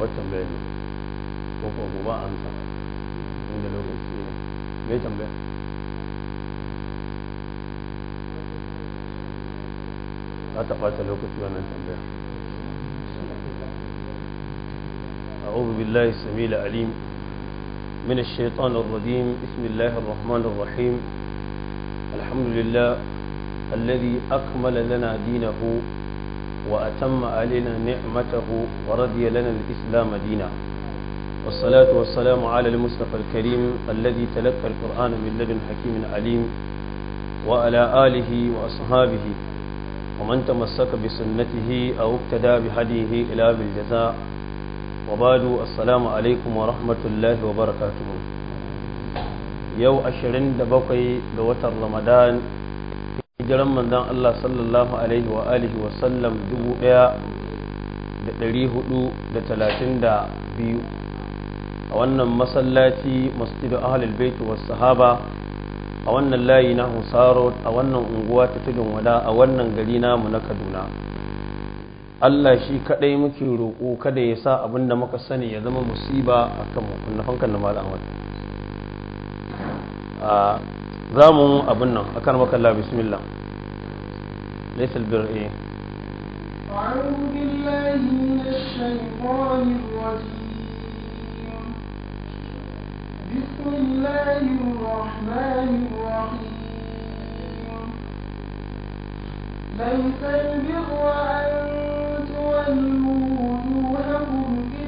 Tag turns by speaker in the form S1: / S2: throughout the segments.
S1: bar tambayar ne ko ko gobe amsa inda lokaci ne me tambaya za ta أعوذ بالله السميع العليم من الشيطان الرجيم بسم الله الرحمن الرحيم الحمد لله الذي أكمل لنا دينه وأتم علينا نعمته ورضي لنا الإسلام دينا والصلاة والسلام على المصطفى الكريم الذي تلقى القرآن من لدن حكيم عليم وعلى آله وأصحابه ومن تمسك بسنته أو اقتدى بهديه إلى بالجزاء وبعد السلام عليكم ورحمة الله وبركاته يو أشرين دبقي قوة رمضان hijiran manzon Allah sallallahu alaihi wa alihi wa sallam dubu ɗaya da da da ɗari hudu talatin biyu a wannan masallaci masjidu ahlul bait wa sahaba a wannan layi na Husaro a wannan unguwa ta tudun wada a wannan gari namu na Kaduna Allah shi kaɗai muke roƙo kada ya sa abin da muka sani ya zama musiba a akan mu kunna fankan da za mu abin nan akan makalla bismillah ليس البر إيه
S2: أعوذ بالله من الشيطان الرجيم بسم الله الرحمن الرحيم ليس البر أن تولوا وجوهكم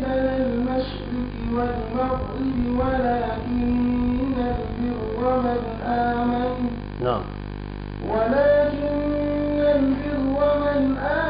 S2: قبل المشرق والمغرب ولكن البر من آمن نعم أم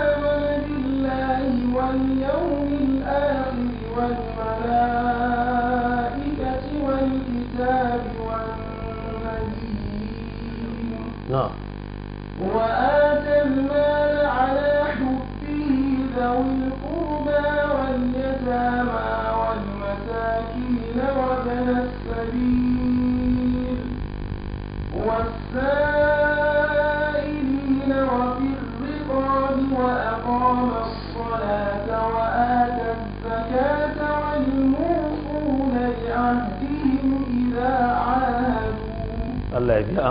S1: Allah ya biya.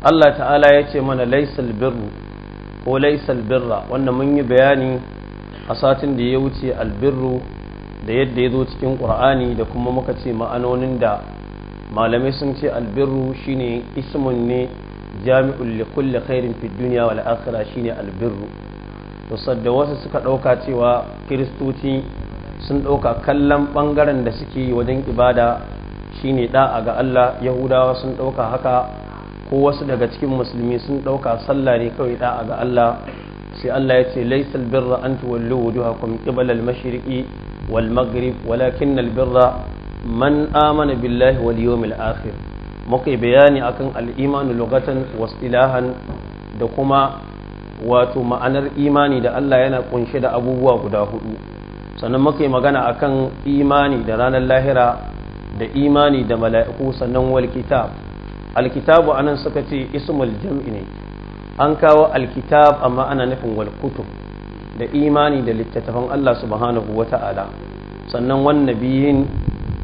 S1: Allah ta'ala ya ce mana laisal birru ko laisal birra wanda mun yi bayani a satin da ya wuce albirru da yadda ya zo cikin ƙur'ani da kuma muka ce ma'anonin da malamai sun ce albirru shine ismun ne jami'ul li kulli khairin fid dunya wal akhirah shine albirru to sadda wasu suka ɗauka cewa kiristoci sun ɗauka kallon ɓangaren da suke yi wajen ibada shine da'a ga Allah yahudawa sun ɗauka haka ko wasu daga cikin musulmi sun ɗauka sallah ne kawai da'a ga Allah sai Allah ya ce laisal birra an tuwallu wujuhakum qibala al-mashriqi wal maghrib walakin al-birra man amana billahi wal yawmil akhir muke bayani akan al iman lugatan wastilahan da kuma wato ma'anar imani da Allah yana kunshe da abubuwa guda hudu sannan muke magana akan imani da ranar lahira da imani da mala'iku sannan wal kitab al-kitabu anan suka ce ismul jam'i ne an kawo alkitab amma ana nufin wal kutub da imani da littattafan Allah subhanahu wata'ala sannan wan nabiyin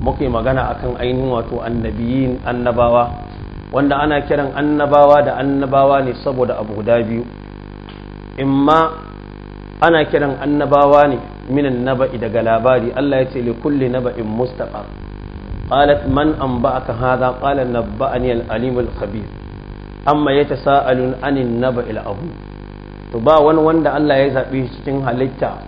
S1: muke magana akan ainihin wato annabiyin annabawa wanda ana kiran annabawa da annabawa ne saboda abu guda biyu imma ana kiran annabawa ne minan naba'i daga labari Allah ya ce li kulli naba'in mustaqar qalat man anba'aka hadha qala nabba'ani al-alim amma ya ta sa'alun anin naba abu to ba wani wanda Allah ya zaɓe cikin halitta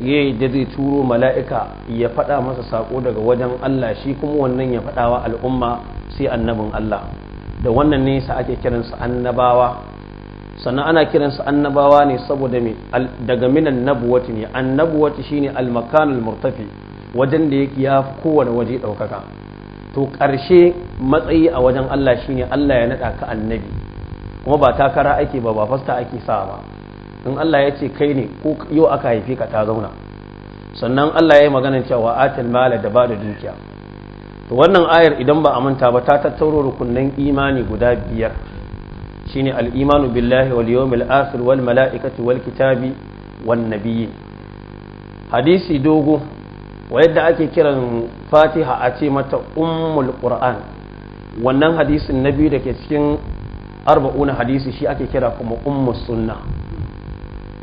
S1: ya da zai turo mala'ika ya faɗa masa saƙo daga wajen Allah shi kuma wannan ya faɗa wa al'umma sai annabin Allah da wannan ne sa ake kiransa annabawa sannan ana kiransa annabawa ne saboda me daga minan nabuwati ne annabuwati shine al-makanul murtafi wajen da yake ya kowane waje ɗaukaka to ƙarshe matsayi a wajen Allah shine Allah ya naɗa ka annabi kuma ba takara ake ba ba fasta ake sa ba in Allah ya ce kai ne ko yau aka haifi ka ta zauna sannan Allah ya yi maganar cewa atil mala da ba da dukiya to wannan ayar idan ba a manta ba ta tattauro rukunnan imani guda biyar shine al-imanu billahi wal yawmil akhir wal mala'ikati wal kitabi wan nabiyyi hadisi dogo wa yadda ake kiran fatiha a ce mata ummul qur'an wannan hadisin na biyu da cikin arba'una hadisi shi ake kira kuma ummus sunna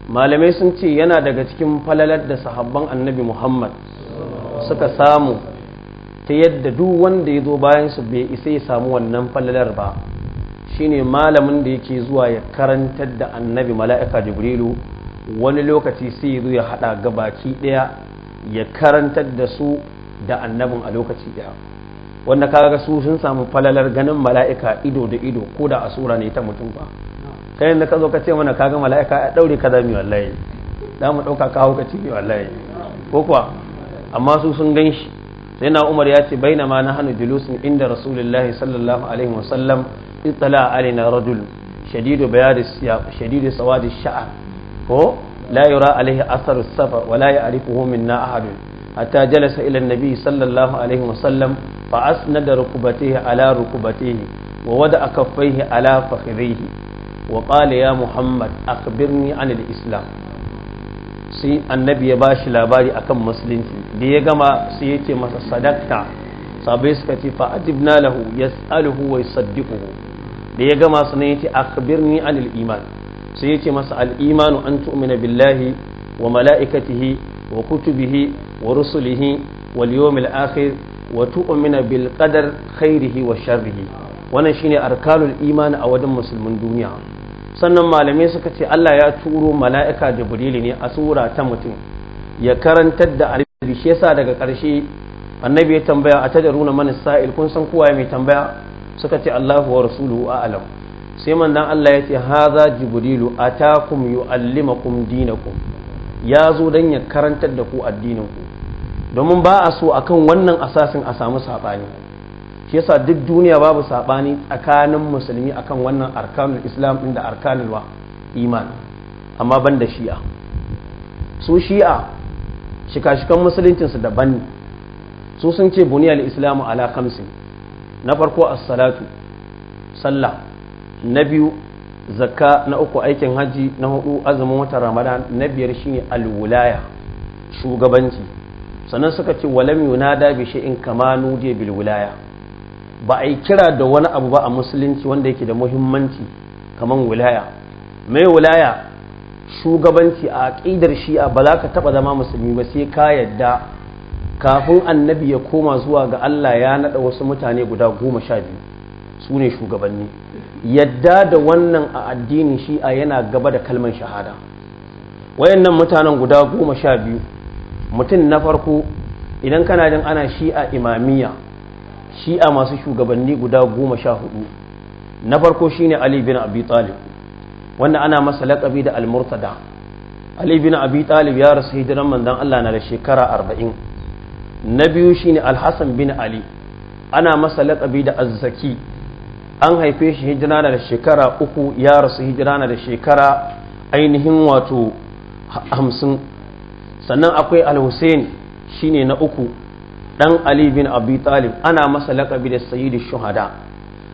S1: malamai sun ce yana daga cikin falalar da sahabban annabi muhammad suka samu ta yadda duk wanda ya zo bayan su bai isa ya samu wannan falalar ba shine malamin da yake zuwa ya karantar da annabi mala'ika jibrilu wani lokaci sai ya zo ya haɗa gabaki ɗaya ya karantar da su da annabin a lokaci daya wanda kaga su sun samu falalar ganin mala'ika ido da ido ko da a sura ne ta mutum ba kai yanda ka zo ka ce mana kaga mala'ika ya daure ka zami wallahi da mu dauka ka hauka ciki wallahi ko kuwa amma su sun gan shi sai na umar ya ce baina ma na hannu julusin inda rasulullahi sallallahu alaihi wasallam itala rajul shadidu bayadis ya shadidu sawadi sha'a ko لا يرى عليه أثر السفر ولا يعرفه منا أحد حتى جلس إلى النبي صلى الله عليه وسلم فأسند ركبتيه على ركبتيه ووضع كفيه على فخذيه وقال يا محمد أخبرني عن الإسلام sai annabi ya bashi labari akan musulunci da ya gama sai ya ce masa sadakta sabai suka ce fa ajibna lahu yas'aluhu wa yusaddiquhu da ya gama suna ya ce anil iman sai yace masa al-imanu an tu'mina billahi wa mala'ikatihi wa kutubihi wa rusulihi wal yawmil akhir wa tu'mina bil qadar khairihi wa sharrihi wannan shine arkanul imani a wajen musulmin duniya sannan malamai suka ce Allah ya turo mala'ika jibril ne a sura ta mutum ya karantar da annabi shi yasa daga ƙarshe annabi ya tambaya a tajaruna man sa'il kun san kowa mai tambaya suka ce Allahu wa rasuluhu a'lam sai man dan Allah ya ce haza jibrilu atakum yuallimakum dinakum ya zo dan ya karantar da ku addinin ku domin ba a so akan wannan asasin a samu sabani shi yasa duk duniya babu sabani tsakanin musulmi akan wannan arkanul islam din da arkanul wa iman amma ban da shi'a su shi'a shika-shikan musuluncinsu daban ne su sun ce buniyar islamu ala khamsin na farko as-salatu sallah na biyu zakka na uku aikin hajji na hudu azumin wata ramadan na biyar shine alwulaya shugabanci sannan suka ce walam yunada bi shay'in kama nudiya bil ba a yi kira da wani abu ba a musulunci wanda yake da muhimmanci kamar wulaya. mai wulaya shugabanci a aƙidar shi'a ba za ka taɓa zama musulmi ba sai ka yadda kafin annabi ya koma zuwa ga Allah ya naɗa wasu mutane guda goma sha biyu su ne shugabanni yadda da wannan a addinin shi'a yana gaba da kalmar shahada wayannan mutanen guda goma sha biyu mutum na farko idan kana jin ana shi'a imamiya shi'a masu shugabanni guda goma sha hudu na farko shine ali bin abi talib wanda ana masa laƙabi da almurtada. alibin abi talib ya rasu hijiran manzan Allah na da shekara arba'in na biyu shine ne alhassan bin ali ana masa laƙabi da azzaki an haife shi hijira na da shekara uku ya rasu hijira na da shekara ainihin wato hamsin sannan akwai al-hussein shine na uku dan ali bin abi talib ana masa lakabi da sayyidu shuhada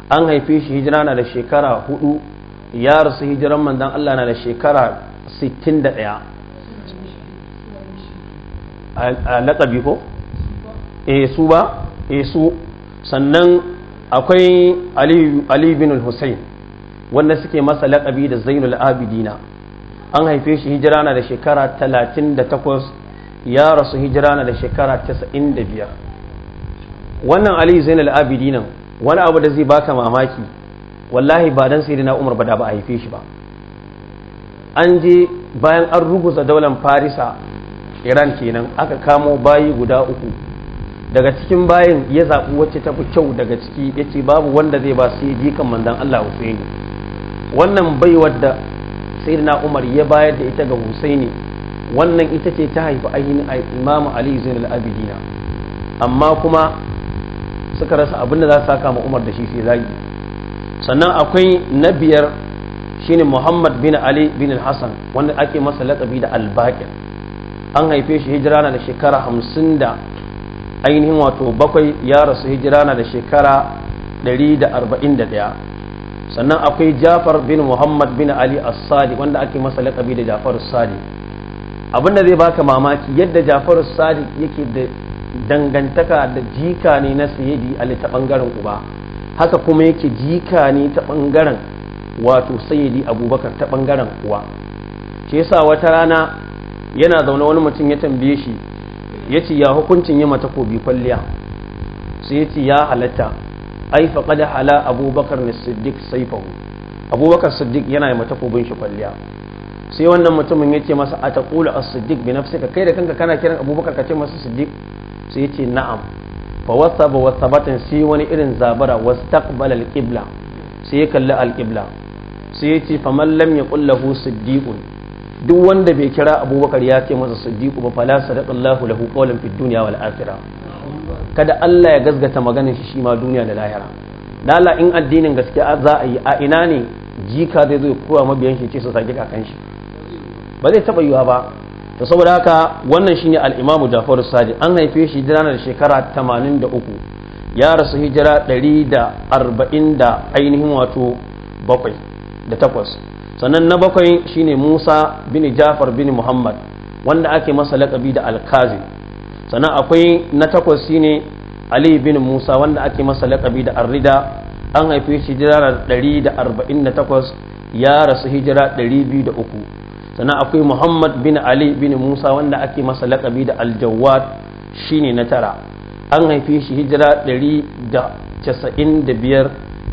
S1: an haife shi hijira na da shekara hudu ya rasu hijiran manzon Allah na da shekara 61 a lakabi ko eh su ba eh su sannan akwai ali bin hussein wanda suke masa laƙabi da zainul abidina an haife shi hijira na da shekara 38 ya rasu hijira na da shekara 95 wannan ali zainul abidina wani abu da zai baka mamaki wallahi ba dan sayyidina umar ba da ba a haife shi ba an je bayan an ruguza daular farisa iran kenan aka kamo bayi guda uku daga cikin bayan ya zaɓi wacce tafi kyau daga ciki ya ce babu wanda zai ba su yi jikan manzan Allah Husaini wannan baiwar da sayyidina Umar ya bayar da ita ga Husaini wannan ita ce ta haifi ainihin Imam Ali Zainul Abidina amma kuma suka rasa abin da za su saka ma Umar da shi sai zagi sannan akwai na biyar shine Muhammad bin Ali bin Hassan wanda ake masa laƙabi da al an haife shi hijira na shekara hamsin da ainihin wato bakwai ya rasu hijira na da shekara 141 sannan akwai jafar bin muhammad bin ali as-sadi wanda ake masa laƙabi da jafar sadi abin da zai baka mamaki yadda jafar sadi yake da dangantaka da jika ne na sayyidi ali ta bangaren uba haka kuma yake jika ne ta bangaren wato sayyidi abubakar ta bangaren uwa shi yasa wata rana yana zaune wani mutum ya tambaye shi ya ce ya hukuncin yi mata kobi kwalliya sai ya ce ya halatta ai faƙada hala abubakar na siddiq saifahu abubakar siddiq yana yi mata kobin shi kwalliya sai wannan mutumin ya ce masa a taƙula a siddiq bi nafsika kai da kanka kana kiran abubakar ka ce masa siddiq sai ya ce na'am fa wasa ba sai wani irin zabara wasu taqbala alƙibla sai ya kalli alƙibla sai ya ce faman lam yaqul lahu siddiqun duk wanda bai kira abubakar ya ce masa siddiqu ba fala sadaqallahu lahu qawlan fid dunya wal akhirah kada Allah ya gazgata maganar shi shi ma duniya da lahira lala in addinin gaskiya za a yi a ina ne jika zai zo kowa mabiyan shi ce su saki kakan shi ba zai taba yiwa ba to saboda haka wannan shine al-Imam Ja'far Sadiq an haife shi da shekara 83 ya rasu hijira 140 da ainihin wato bakwai da takwas sannan na bakwai shine Musa bin Jafar bin Muhammad wanda ake masa laƙabi da alkazi sannan akwai na takwas shine Ali bin Musa wanda ake masa laƙabi da arrida an haife shi hijira 148 ya rasu hijira 203 sannan akwai Muhammad bin Ali bin Musa wanda ake masa laƙabi da aljawad shine na tara an haife shi hijira 195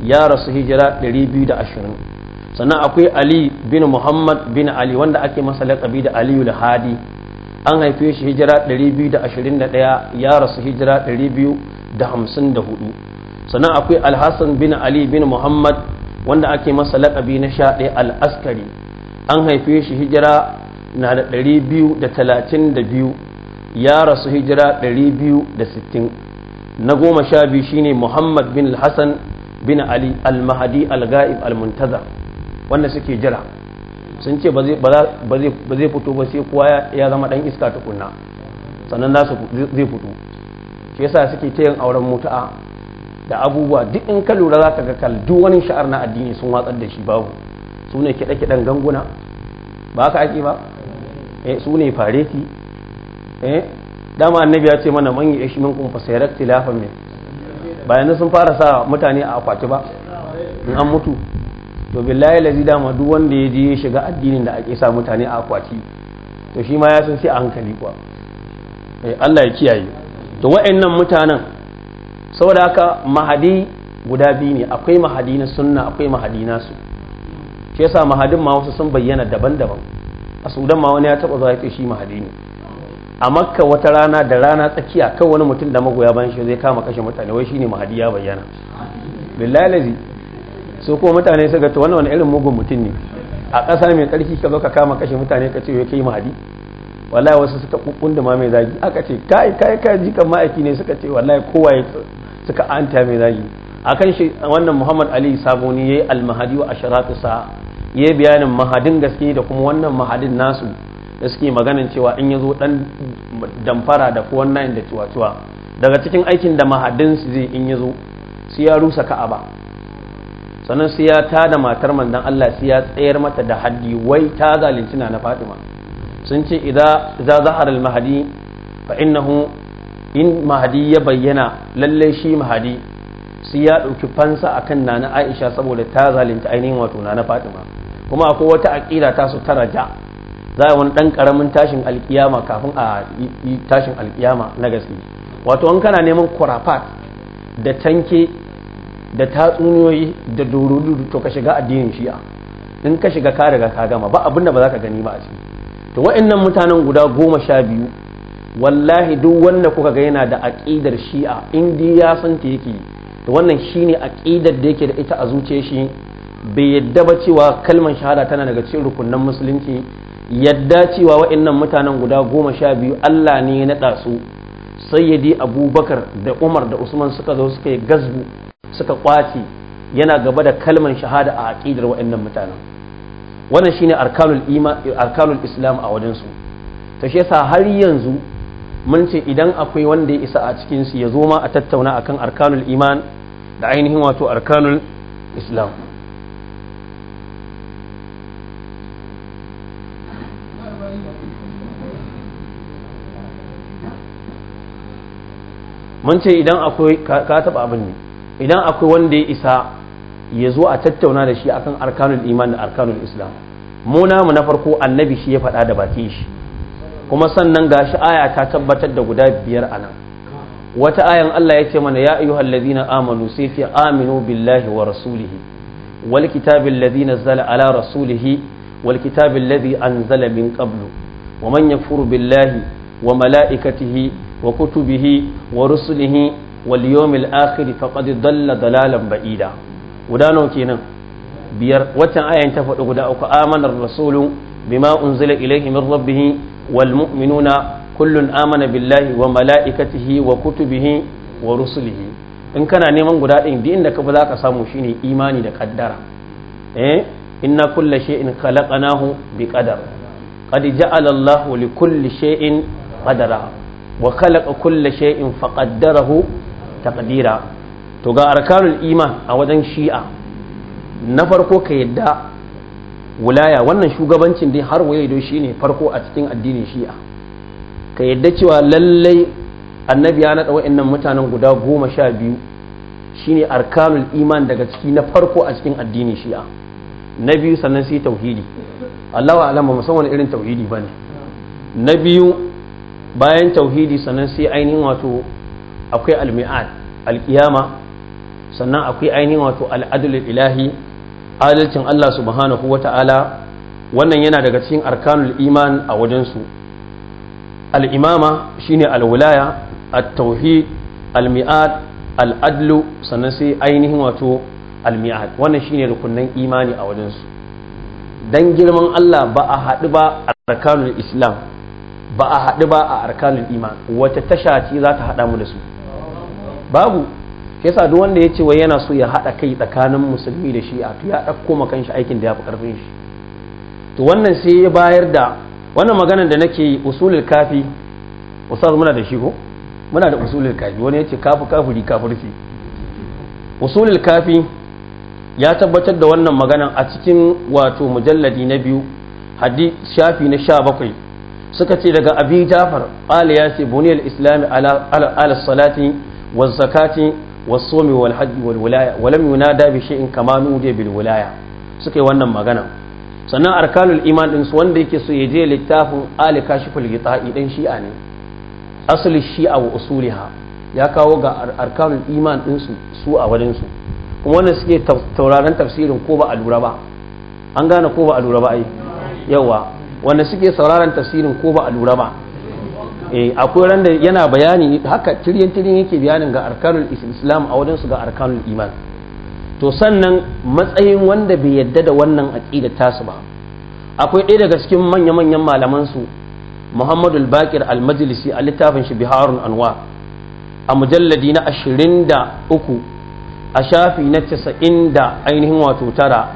S1: ya rasu hijira 220 sannan akwai ali bin muhammad bin ali wanda ake masa laƙabi da aliyu hadi an haife shi hijira 221 ya rasu hijira 254 sannan akwai alhassan bin ali bin muhammad wanda ake masa laƙabi na sha ɗaya al'askari an haife shi hijira na da 232 ya rasu hijira 260 na goma sha biyu shine muhammad bin hassan bin ali al-mahadi al-ga'ib al-muntazar wanda suke jira sun ce ba zai fito ba sai kuwa ya zama ɗan iska tukunna sannan nasu zai fito shi yasa suke ta yin auren mutu'a da abubuwa duk in ka lura za ka ga kal duk wani sha'ar na addini sun watsar da shi babu su ne kiɗe-kiɗen ganguna ba ka ake ba eh su ne fareti eh dama annabi ya ce mana man yi shi min kun fasayar tilafan min bayan sun fara sa mutane a akwati ba in an mutu to billahi lazi dama duk wanda ya je ya shiga addinin da ake sa mutane a akwati to shi ma ya san sai a hankali kuwa eh, Allah ya kiyaye to wa'annan mutanen saboda haka mahadi guda biyu ne akwai mahadi na sunna akwai mahadi na su shi yasa mahadin ma wasu sun bayyana daban-daban a sudan ma wani ya taba zuwa ya shi mahadi ne a makka wata rana da rana tsakiya kan wani mutum da magoya bayan shi zai kama kashe mutane wai shine mahadi ya bayyana billahi lazi su ko mutane suka ta wannan wani irin mugun mutum ne a ƙasa mai tsarki ka zo ka kama kashe mutane ka ce wai kai mahadi wallahi wasu suka da ma mai zagi aka ce kai kai kai jikan ma'aiki ne suka ce wallahi kowa ya suka anta mai zagi akan shi wannan Muhammad Ali Saboni yayi al almahadi wa asharatu sa yayi bayanin mahadin gaske da kuma wannan mahadin nasu da suke maganin cewa in yazo dan damfara da 419 da tuwa tuwa daga cikin aikin da mahadin su zai in yazo su ya rusa Ka'aba sannan sai ya tada matar manzon Allah sai ya tsayar mata da haddi wai ta zalunci na Fatima sun ce idza zahara al-mahdi fa innahu in Mahadi ya bayyana lallai shi Mahadi. sai ya ɗauki fansa akan nana Aisha saboda ta zalunci ainihin wato nana Fatima kuma akwai wata aqida ta su taraja za a wani dan karamin tashin alkiyama kafin a tashin alkiyama na gaske wato in kana neman kurafat da tanke da tatsuniyoyi da dorudu to ka shiga addinin shi'a in ka shiga ka riga ka gama ba abinda ba za ka gani ba a ciki to wa'annan mutanen guda goma sha biyu wallahi duk wanda kuka ga yana da aƙidar shi'a in dai ya san ta yake to wannan shine aƙidar da yake da ita a zuciyar shi bai yadda ba cewa kalmar shahada tana daga cikin rukunin musulunci yadda cewa wa'annan mutanen guda goma sha biyu Allah ne ya naɗa su sayyidi abubakar da umar da usman suka zo suka yi gazbu suka kwace yana gaba da kalman shahada a aqidar wa'annan mutanen wannan shine arkanul iman arkanul islam a wajen su to shi yasa har yanzu mun ce idan akwai wanda ya isa a cikin su ya zo ma a tattauna akan arkanul iman da ainihin wato arkanul islam mun ce idan akwai ka taba abin ne idan akwai wanda ya isa ya zo a tattauna da shi akan arkanul iman da arkanul islam mu namu na farko annabi shi ya faɗa da baki shi kuma sannan gashi aya ta tabbatar da guda biyar a nan wata ayan Allah ya ce mana ya ayyuhal ladina amanu sai ce aminu billahi wa rasulihi wal kitabil ladhi nazzala ala rasulihi wal kitabil ladhi anzala min qablu wa man yakfuru billahi wa malaikatihi wa kutubihi wa rusulihi wal yawmil akhir faqad dalla dalalan ba'ida guda nawa kenan biyar waccan ayan ta faɗi guda uku amanar rasulu bima unzila ilayhi min rabbih wal mu'minuna kullun amana billahi wa mala'ikatihi wa kutubihi wa rusulihi in kana neman guda ɗin duk da ka za ka samu shine imani da kaddara kulle eh? inna in shay'in nahu bi qadar qad ja'ala Allahu li kulli shay'in qadara wa khalaqa kulla shay'in faqaddarahu taqdira to ga arkanul iman a wajen shi'a na farko ka yadda wulaya wannan shugabancin dai har waye do shine farko a cikin addinin shi'a ka yadda cewa lallai annabi ya naɗa wa'annan mutanen guda goma sha biyu shine arkanul iman daga ciki na farko a cikin addinin shi'a na biyu sannan sai tauhidi Allah wa alama musamman irin tauhidi bane na biyu bayan tauhidi sannan sai ainihin wato akwai almi'ad alkiyama sannan akwai ainihin wato al'adul ilahi adalcin Allah subhanahu wata'ala wannan yana daga cikin arkanul iman a wajensu al'imama shine alwulaya at-tauhid almi'ad al'adlu sannan sai ainihin wato almi'ad wannan shine rukunin imani a wajensu dan girman Allah ba a haɗu ba a arkanul islam ba a haɗu ba a arkanul iman wata tasha ce za ta haɗa mu da su babu shi yasa duk wanda ya ce wai yana so ya haɗa kai tsakanin musulmi da shi'a to ya ɗauko ma kanshi aikin da ya fi ƙarfin shi to wannan sai ya bayar da wannan maganar da nake usulul kafi ustaz muna da shi ko muna da usulul kafi wani yace kafi kafiri kafirci usulul kafi ya tabbatar da wannan maganan a cikin wato mujalladi na biyu hadith shafi na bakwai suka ce daga abi jafar ala ya ce buniyal islami ala ala salati والزكاه والصوم والحج والولايه ولم ينادى بشيء wilaya نودي بالولايه yunada wilaya wannan magana sannan arkanul iman din su wanda yake so yaje littafin ali kashiful gita'i din shi'a ne asali shi'a wa usuliha ya kawo ga arkanul iman din su su a wajen su kuma wannan suke tauraron tafsirin ko ba a lura ba an gane ko ba a lura ba ai yawa wanda suke sauraron tafsirin ko ba a lura ba eh akwai ran da yana bayani haka tiryan tiryan yake bayanin ga arkanul islam a wajen su ga arkanul iman to sannan matsayin wanda bai yadda da wannan aqida tasu ba akwai ɗaya daga cikin manya manyan malaman su Muhammadu al Almajlisi al-Majlisi a littafin shi Biharun anwa a mujalladi na ashirin da uku, a shafi na casa'in da ainihin wato tara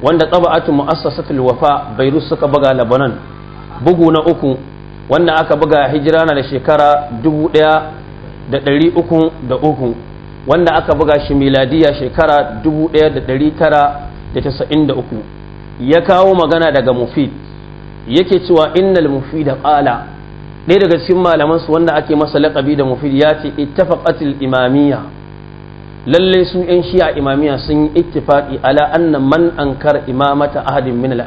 S1: wanda tsaba'atu mu'assasatul wafa Beirut suka buga labanan, bugu na uku wannan aka buga hijira na da shekara 1303 wanda aka buga shi miladiya shekara 1993 ya kawo magana daga mufid yake cewa innal Mufid qala ɗaya daga cikin malamansu wanda ake masa laƙabi da mufid ya ce ittafaqatil imamiyya lalle su yan shi'a imamiya sun yi ittifaqi ala anna man ankar imamata ahadin min al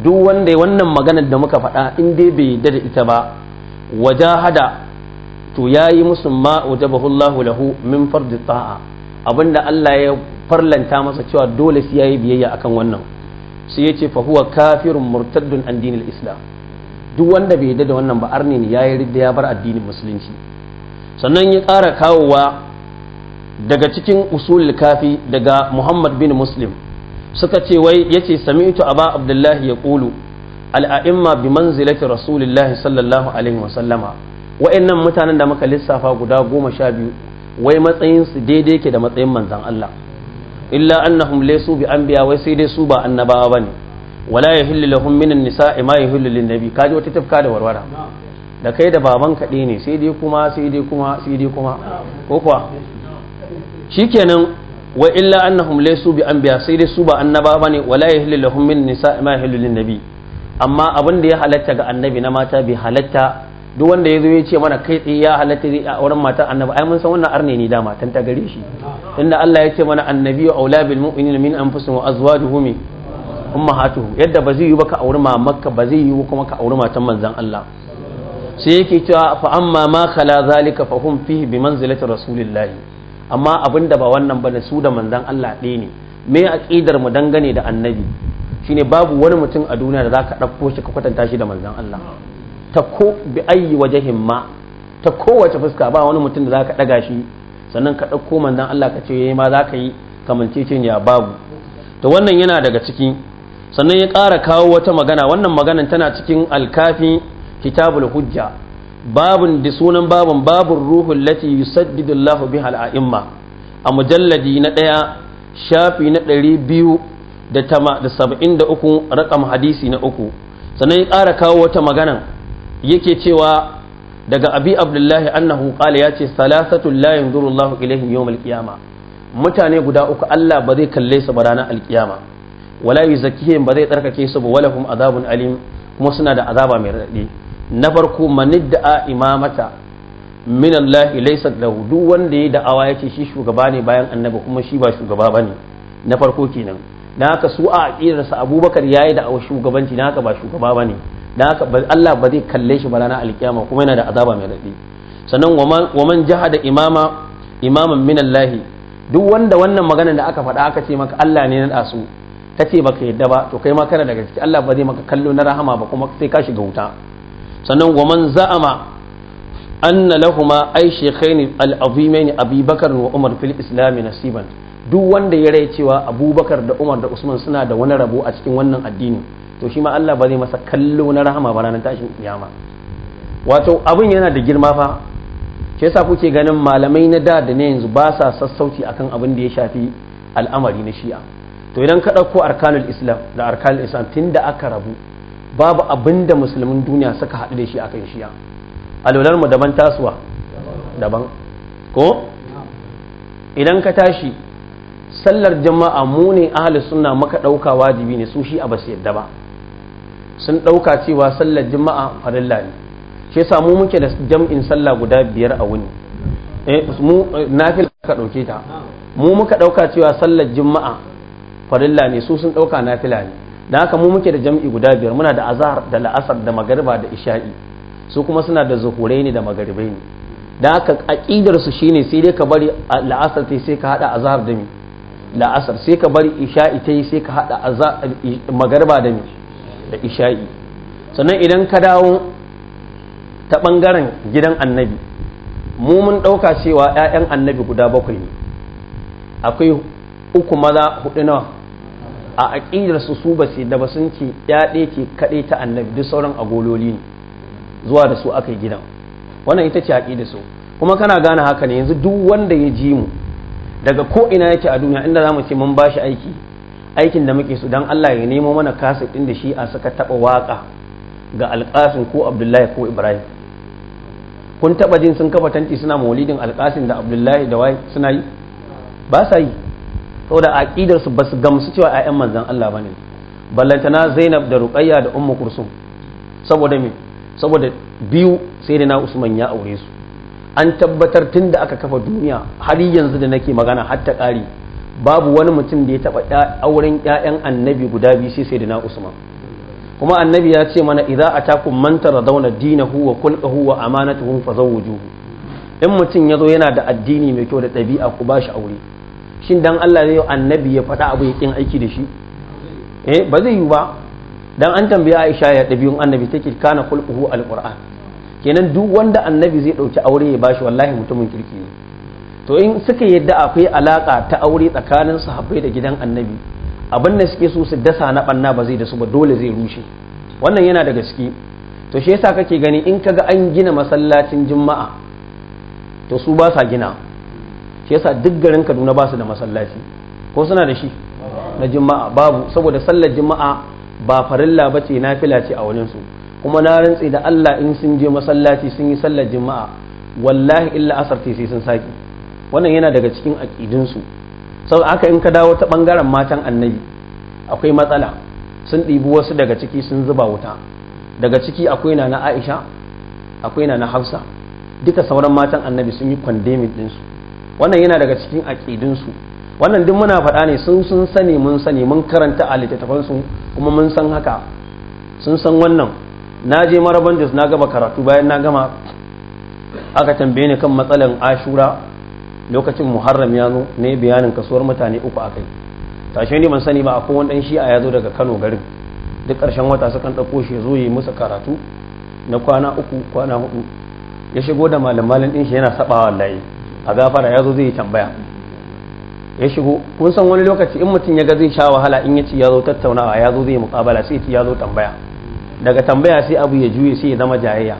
S1: duk wanda wannan maganar da muka faɗa in dai bai yarda da ita ba hada to yayi musu ma wajabahu Allah lahu min fardi ta'a abinda Allah ya farlanta masa cewa dole sai yayi biyayya akan wannan sai yace fa huwa kafirun murtaddun an dinil islam duk wanda bai yarda da wannan ba arni ne yi ridda ya bar addinin musulunci sannan ya ƙara kawowa daga cikin usulul kafi daga Muhammad bin Muslim suka ce wai yace sami'tu aba abdullahi ya ƙulu al'a'imma bi manzilati rasulillahi sallallahu alaihi wa sallama wa'annan mutanen da muka lissafa guda goma sha biyu wai matsayin su daidai ke da matsayin manzan Allah illa annahum laysu bi anbiya wai sai dai su ba annabawa bane wala yahillu lahum min an-nisa'i ma yahillu lin-nabi kaji wata tafka da warwara da kai da baban kaɗe ne sai dai kuma sai dai kuma sai dai kuma ko kuwa shikenan wa illa annahum laysu bi anbiya sai dai su ba annaba bane wala yahlu lahum min nisa ma yahlu lin nabi amma abin da ya halatta ga annabi na mata bi halatta duk wanda ya zo ya ce mana kai tsaye ya halatta a auren matar annabi ai mun san wannan arne ne dama tan ta gare shi inda Allah ya ce mana annabi wa aula bil mu'minina min anfusihim wa azwajuhum ummahatuhum yadda ba zai yi ba ka auri makka ba zai yi kuma ka auri matan manzon Allah sai yake cewa fa amma ma khala zalika fa hum fihi bi manzilati rasulillahi amma abin da ba wannan ba su da manzan Allah ɗaya ne me aƙidar mu dangane da annabi shine babu wani mutum a duniya da zaka ɗauko shi ka kwatanta shi da manzan Allah ta ko bi ayi wajahin ma ta kowace fuska ba wani mutum da za ka ɗaga shi sannan ka ɗauko manzan Allah ka ce yi eh, ma za ka yi kamanceceniya babu to wannan yana daga ciki sannan ya ƙara kawo wata magana wannan maganan tana cikin alkafin kitabul hujja babun da sunan babun babun ruhun lati yusaddidu Allahu biha al'a'imma a mujalladi na ɗaya shafi na ɗari biyu da hadisi na uku sannan ya ƙara kawo wata magana yake cewa daga abi abdullahi annahu qala ya ce salasatul la yanzuru Allahu ilaihim yawmal qiyama mutane guda uku Allah ba zai kalle su ba ranar alƙiyama wala yuzakkihim ba zai tsarkake su ba walahum azabun alim kuma suna da azaba mai raɗaɗi na farko manidda'a imamata min Allah laysa lahu duk wanda ya da'awa yace shi shugaba ne bayan annabi kuma shi ba shugaba bane na farko kenan na haka su a aqidar sa Abubakar yayi da'awa shugabanci na haka ba shugaba bane na haka Allah ba zai kalle shi ba ranar alkiyama kuma yana da azaba mai radi sannan wa man jahada imama imaman min Allah duk wanda wannan magana da aka faɗa aka ce maka Allah ne na su ce baka yadda ba to kai ma kana daga ciki Allah ba zai maka kallo na rahama ba kuma sai ka shiga wuta sannan wa man za'ama anna lahuma ai shekhaini al-azimain bakar wa umar fil islam nasiban duk wanda ya rai cewa abubakar da umar da usman suna da wani rabo a cikin wannan addini to shi ma Allah ba zai masa kallo na rahama ba ranar tashin kiyama wato abin yana da girma fa ke yasa kuke ganin malamai na da da ne yanzu ba sa sassauci akan abin da ya shafi al'amari na shi'a to idan ka ɗauko arkanul islam da arkanul islam tun da aka rabu babu abin da musulmin duniya suka haɗu da shi a kan shiya alwalar mu daban tasuwa daban ko idan ka tashi sallar jama'a mu ne ahli sunna maka ɗauka wajibi ne su shi a basu yadda ba sun ɗauka cewa sallar jama'a farilla ne shi yasa mu muke da jam'in sallah guda biyar a wuni eh, mu eh, nafil ka dauke ta mu muka ɗauka cewa sallar jama'a farilla ne su sun ɗauka nafila ne da haka mu muke da jam'i guda biyar muna da azhar da la'asar da magariba da isha'i su kuma suna da zuhurai ne da magaribai ne da haka aqidar su shine sai dai ka bari la'asar tai sai ka hada azhar da mi la'asar sai ka bari isha'i tai sai ka hada magariba da mi da isha'i sannan idan ka dawo ta bangaren gidan annabi mu mun dauka cewa ƴaƴan annabi guda bakwai ne akwai uku maza hudu nawa a aƙidar su su ba da ba sun ce ya ce kaɗai ta annabi duk sauran agololi ne zuwa da su aka yi gidan wannan ita ce aƙidar su kuma kana gane haka ne yanzu duk wanda ya ji mu daga ko ina yake a duniya inda za mu ce mun bashi aiki aikin da muke su dan Allah ya nemo mana kasa ɗin da shi a saka taɓa waƙa ga alƙasin ko abdullahi ko ibrahim kun taɓa jin sun kafa tanti suna maulidin alƙasin da abdullahi da wai suna yi ba sa yi saboda aqidar su basu gamsu cewa ƴaƴan manzan Allah bane ballantana Zainab da Ruqayya da Ummu Kursum saboda me saboda biyu sai da na Usman ya aure su an tabbatar tun da aka kafa duniya har yanzu da nake magana har ta ƙari babu wani mutum da ya taɓa auren ƴaƴan annabi guda biyu sai sai da na Usman kuma annabi ya ce mana idza atakum man taradawna dinahu wa kulluhu wa amanatuhu zawwujuhu in mutum ya zo yana da addini mai kyau da ɗabi'a ku ba shi aure shin dan Allah ne annabi ya faɗa abu ya kin aiki da shi eh ba zai yi ba dan an tambayi Aisha ya ɗabi'un annabi take kana kulquhu alquran kenan duk wanda annabi zai ɗauki aure ya bashi wallahi mutumin kirki ne to in suka yadda akwai alaka ta aure tsakanin sahabbai da gidan annabi abin da suke so su dasa na ɓanna ba zai dasu ba dole zai rushe wannan yana da gaske to shi yasa kake gani in kaga an gina masallacin juma'a to su ba sa gina shi yasa duk garin Kaduna ba su da masallaci ko suna da shi na juma'a babu saboda sallar juma'a ba farilla na nafila ce a wajen su kuma na rantse da Allah in sun je masallaci sun yi sallar juma'a wallahi illa asar sai sun saki wannan yana daga cikin aƙidunsu su aka in ka dawo ta bangaren matan annabi akwai matsala sun ɗibi wasu daga ciki sun zuba wuta daga ciki akwai na Aisha akwai na Hafsa duka sauran matan annabi sun yi kwandemin ɗinsu wannan yana daga cikin aƙidinsu wannan duk muna faɗa ne sun sun sani mun sani mun karanta a littattafansu kuma mun san haka sun san wannan na je maraban jos na gaba karatu bayan na gama aka tambaye ni kan matsalan ashura lokacin muharram ya zo ne bayanin kasuwar mutane uku a kai tashe ni ban sani ba akwai wani ɗan shi'a ya zo daga Kano garin duk ƙarshen wata sukan ɗauko shi ya zo yi musu karatu na kwana uku kwana hudu ya shigo da malam malam din shi yana saɓawa layi a gafara ya zo zai yi tambaya ya shigo kun san wani lokaci in mutum ya ga zai sha wahala in ya ci ya zo tattaunawa ya zo zai mukabala sai ci ya zo tambaya daga tambaya sai abu ya juye sai ya zama jayayya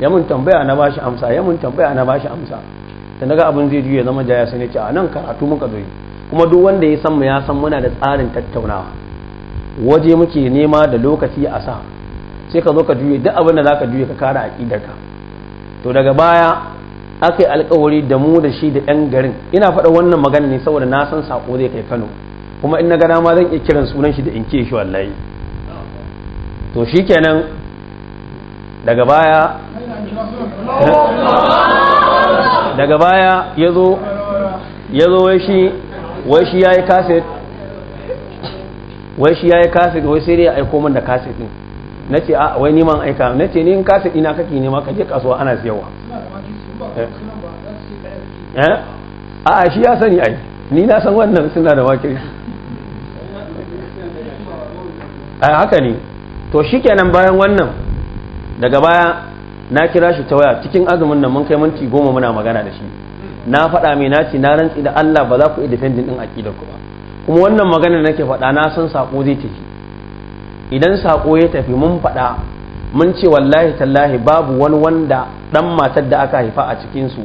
S1: ya mun tambaya na bashi amsa ya mun tambaya na bashi amsa da naga abin zai juye zama jayayya sai ya ce a nan karatu muka zo kuma duk wanda ya san mu ya san muna da tsarin tattaunawa waje muke nema da lokaci a sa sai ka zo ka juye duk abin da zaka juye ka kara aqidarka to daga baya aka yi alkawari da mu da shi da ɗan garin ina faɗa wannan magana ne saboda na san sako zai kai kano kuma in na ga ma zan iya kiran sunan shi da in ke shi wallahi to kenan daga baya
S2: daga baya ya zo wai shi wai shi
S1: ya yi kaset wai shi ya yi kaset wai sai dai ya aiko min da kaset din na ce a wai neman aika na ce ni in kaset ina kake nema ka je kasuwa ana siyarwa
S3: Eh.
S1: Eh? a shi ya sani ai ni na san wannan suna da wakil a eh, haka ne to shi kenan bayan wannan daga baya na kira shi ta waya cikin azumin nan mun kai minti goma muna magana da shi na faɗa mai na ce na rantsi da Allah ba za ku yi defendin din aƙidar ku ba kuma wannan magana nake faɗa na san sako zai tafi idan sako ya tafi mun faɗa mun ce wallahi tallahi babu wani wanda dan matar da aka haifa a cikinsu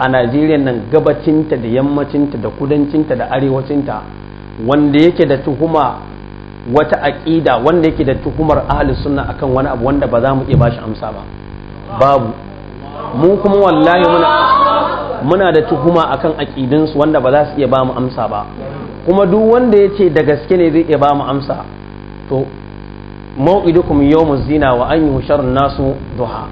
S1: a najeriya nan gabacinta da yammacinta da kudancinta da arewacinta wanda yake da tuhuma wata aƙida wanda yake da tuhumar ahli sunna akan wani abu wanda ba za mu iya bashi amsa ba babu mu kuma wallahi muna muna da tuhuma akan aƙidinsu wanda ba za su iya ba mu amsa ba kuma duk wanda ya ce da gaske ne zai iya ba mu amsa to mawqidukum yawmuz zina wa an yuhshar nasu duha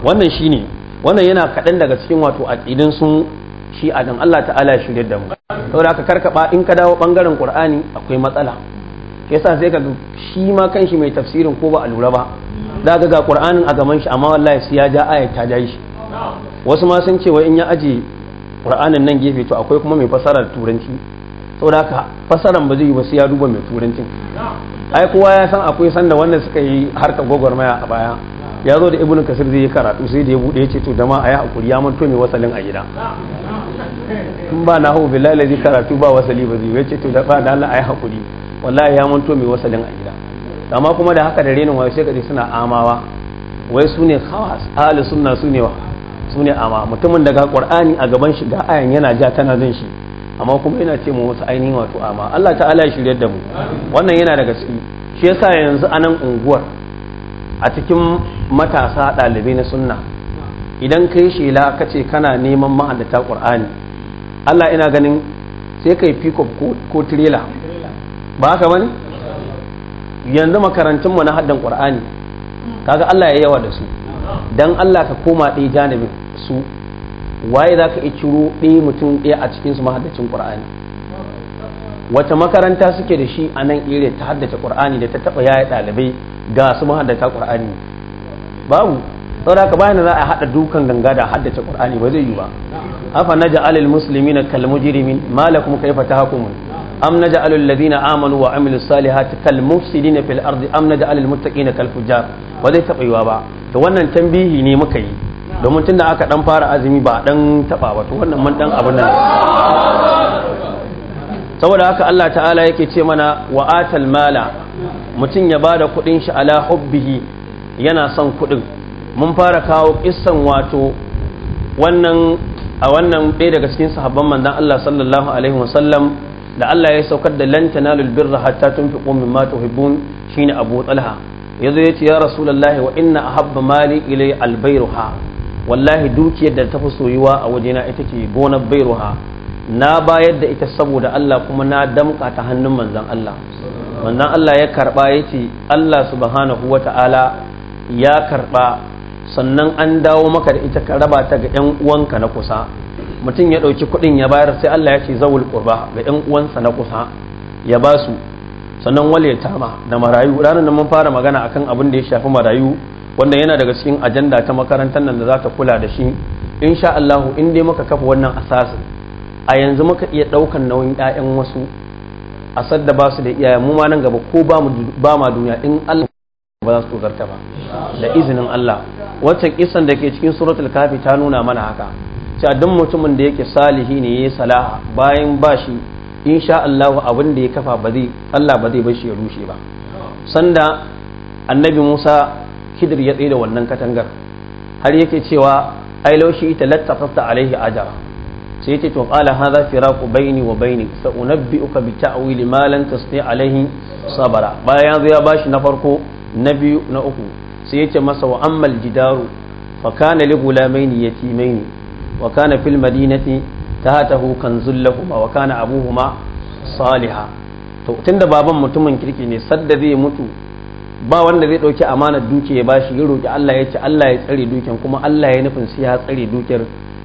S3: wannan shine
S1: wannan yana kaɗan daga cikin wato aqidin sun shi a dan Allah ta'ala ya shirye da mu saboda ka karkaba in ka dawo bangaren qur'ani akwai matsala yasa sai ka shi ma kanshi mai tafsirin ko ba a lura ba da ga ga qur'anin a gaban shi amma wallahi sai ya ja ayat ta ja shi wasu ma sun ce wai in ya aje qur'anin nan gefe to akwai kuma mai fasarar turanci saboda haka fasaran ba zai yi ba sai ya duba mai turancin ai kowa ya san akwai sanda wanda suka yi harkar gwagwarmaya a baya ya zo da ibnu kasir zai yi karatu sai da ya bude ya ce to da ma yi hakuri ya manto mai wasalin a gida in ba na hau billahi lazi karatu ba wasali ba zai ya ce to da ba da Allah hakuri wallahi ya manto mai wasalin a gida amma kuma da haka da renin wayo sai suna amawa wai su ne khawas ahli sunna su ne wa su ne ama mutumin daga qur'ani a gaban shi ga ayan yana ja tana zan shi amma kuma yana ce mu wasu ainihin wato amma Allah ta'ala ya shirya da mu wannan yana daga ciki shi yasa yanzu anan unguwar a cikin matasa ɗalibai na sunna idan kai shela ka ce kana neman ma'adata ƙur'ani Allah ina ganin sai kai pick up ko trailer ba haka bane yanzu makarantunmu na haddan ƙur'ani kaga Allah ya yawa da su dan Allah ka koma ɗaya janibin su waye za ka iya ciro ɗaya mutum ɗaya a cikinsu mahaddacin ƙur'ani wata makaranta suke da shi a nan ire ta haddace ƙur'ani da ta taɓa yaya ɗalibai ga su mahaddata ƙur'ani babu saboda ka bayan za a haɗa dukan ganga da haddace ƙur'ani ba zai yi ba afa naj'al al na kalmujirimi mujrimin ma lakum kayfa tahkumun am naj'al alladhina amanu wa amilus salihati kal mufsidina fil ardi am naj'al al muttaqina kalfujar ba zai taɓa yiwa ba to wannan tambihi ne muka yi domin tun da aka dan fara azumi ba dan taba ba to wannan man dan abu nan
S3: saboda haka Allah ta'ala
S1: yake ce mana wa atal mala mutum ya bada kudin shi ala hubbihi yana son kudin mun fara kawo kissan wato wannan a wannan ɗaya daga cikin sahabban manzon Allah sallallahu alaihi wasallam da Allah ya saukar da lan tanalul birra hatta tunfiqu mimma tuhibbun shine Abu Talha yazo yace ya rasulullahi wa inna ahabba mali ilay albayruha wallahi dukiyar da ta fi soyuwa a wajena ita ce gonar bairuha na bayar da ita saboda Allah kuma na damka ta hannun manzan Allah manzan Allah ya karba ya ce Allah subhanahu wa ta'ala ya karba sannan an dawo maka da ita ka raba ta ga yan uwanka na kusa mutum ya ɗauki kuɗin ya bayar sai Allah ya ce zawul qurba ga yan uwansa na kusa ya ba su sannan wale tama da marayu ranar nan mun fara magana akan abin da ya shafi marayu wanda yana daga cikin ajanda ta makarantar nan da za ta kula da shi insha Allahu in dai muka kafa wannan asasin a yanzu muka iya ɗaukan nauyin 'ya'yan wasu a sadda ba su da iyayen mu ma nan gaba ko ba ma duniya in Allah ba za su tozarta ba da izinin Allah wacce kisan da ke cikin suratul kafi ta nuna mana haka cewa duk mutumin da yake salihi ne yayi salaha bayan ba shi insha Allahu abin da ya kafa ba zai Allah ba zai bar shi ya rushe ba sanda annabi Musa kidir ya tsaye da wannan katangar har yake cewa ai laushi ta lattafasta alaihi ajara sai yake to qala hadha firaqu baini wa baini sa unabbi'uka bi ta'wili ma lan tasni alaihi sabara bayan yanzu ya bashi na farko na biyu na uku sai yace masa wa ammal jidaru fa kana li gulamaini yatimaini wa kana fil madinati tahtahu kanzul wa kana abuhuma saliha to tunda baban mutumin kirki ne sadda zai mutu ba wanda zai ɗauki amanar dukiya ya bashi ya roƙi Allah ya ce Allah ya tsare dukiyar kuma Allah ya nufin sai ya tsare dukiyar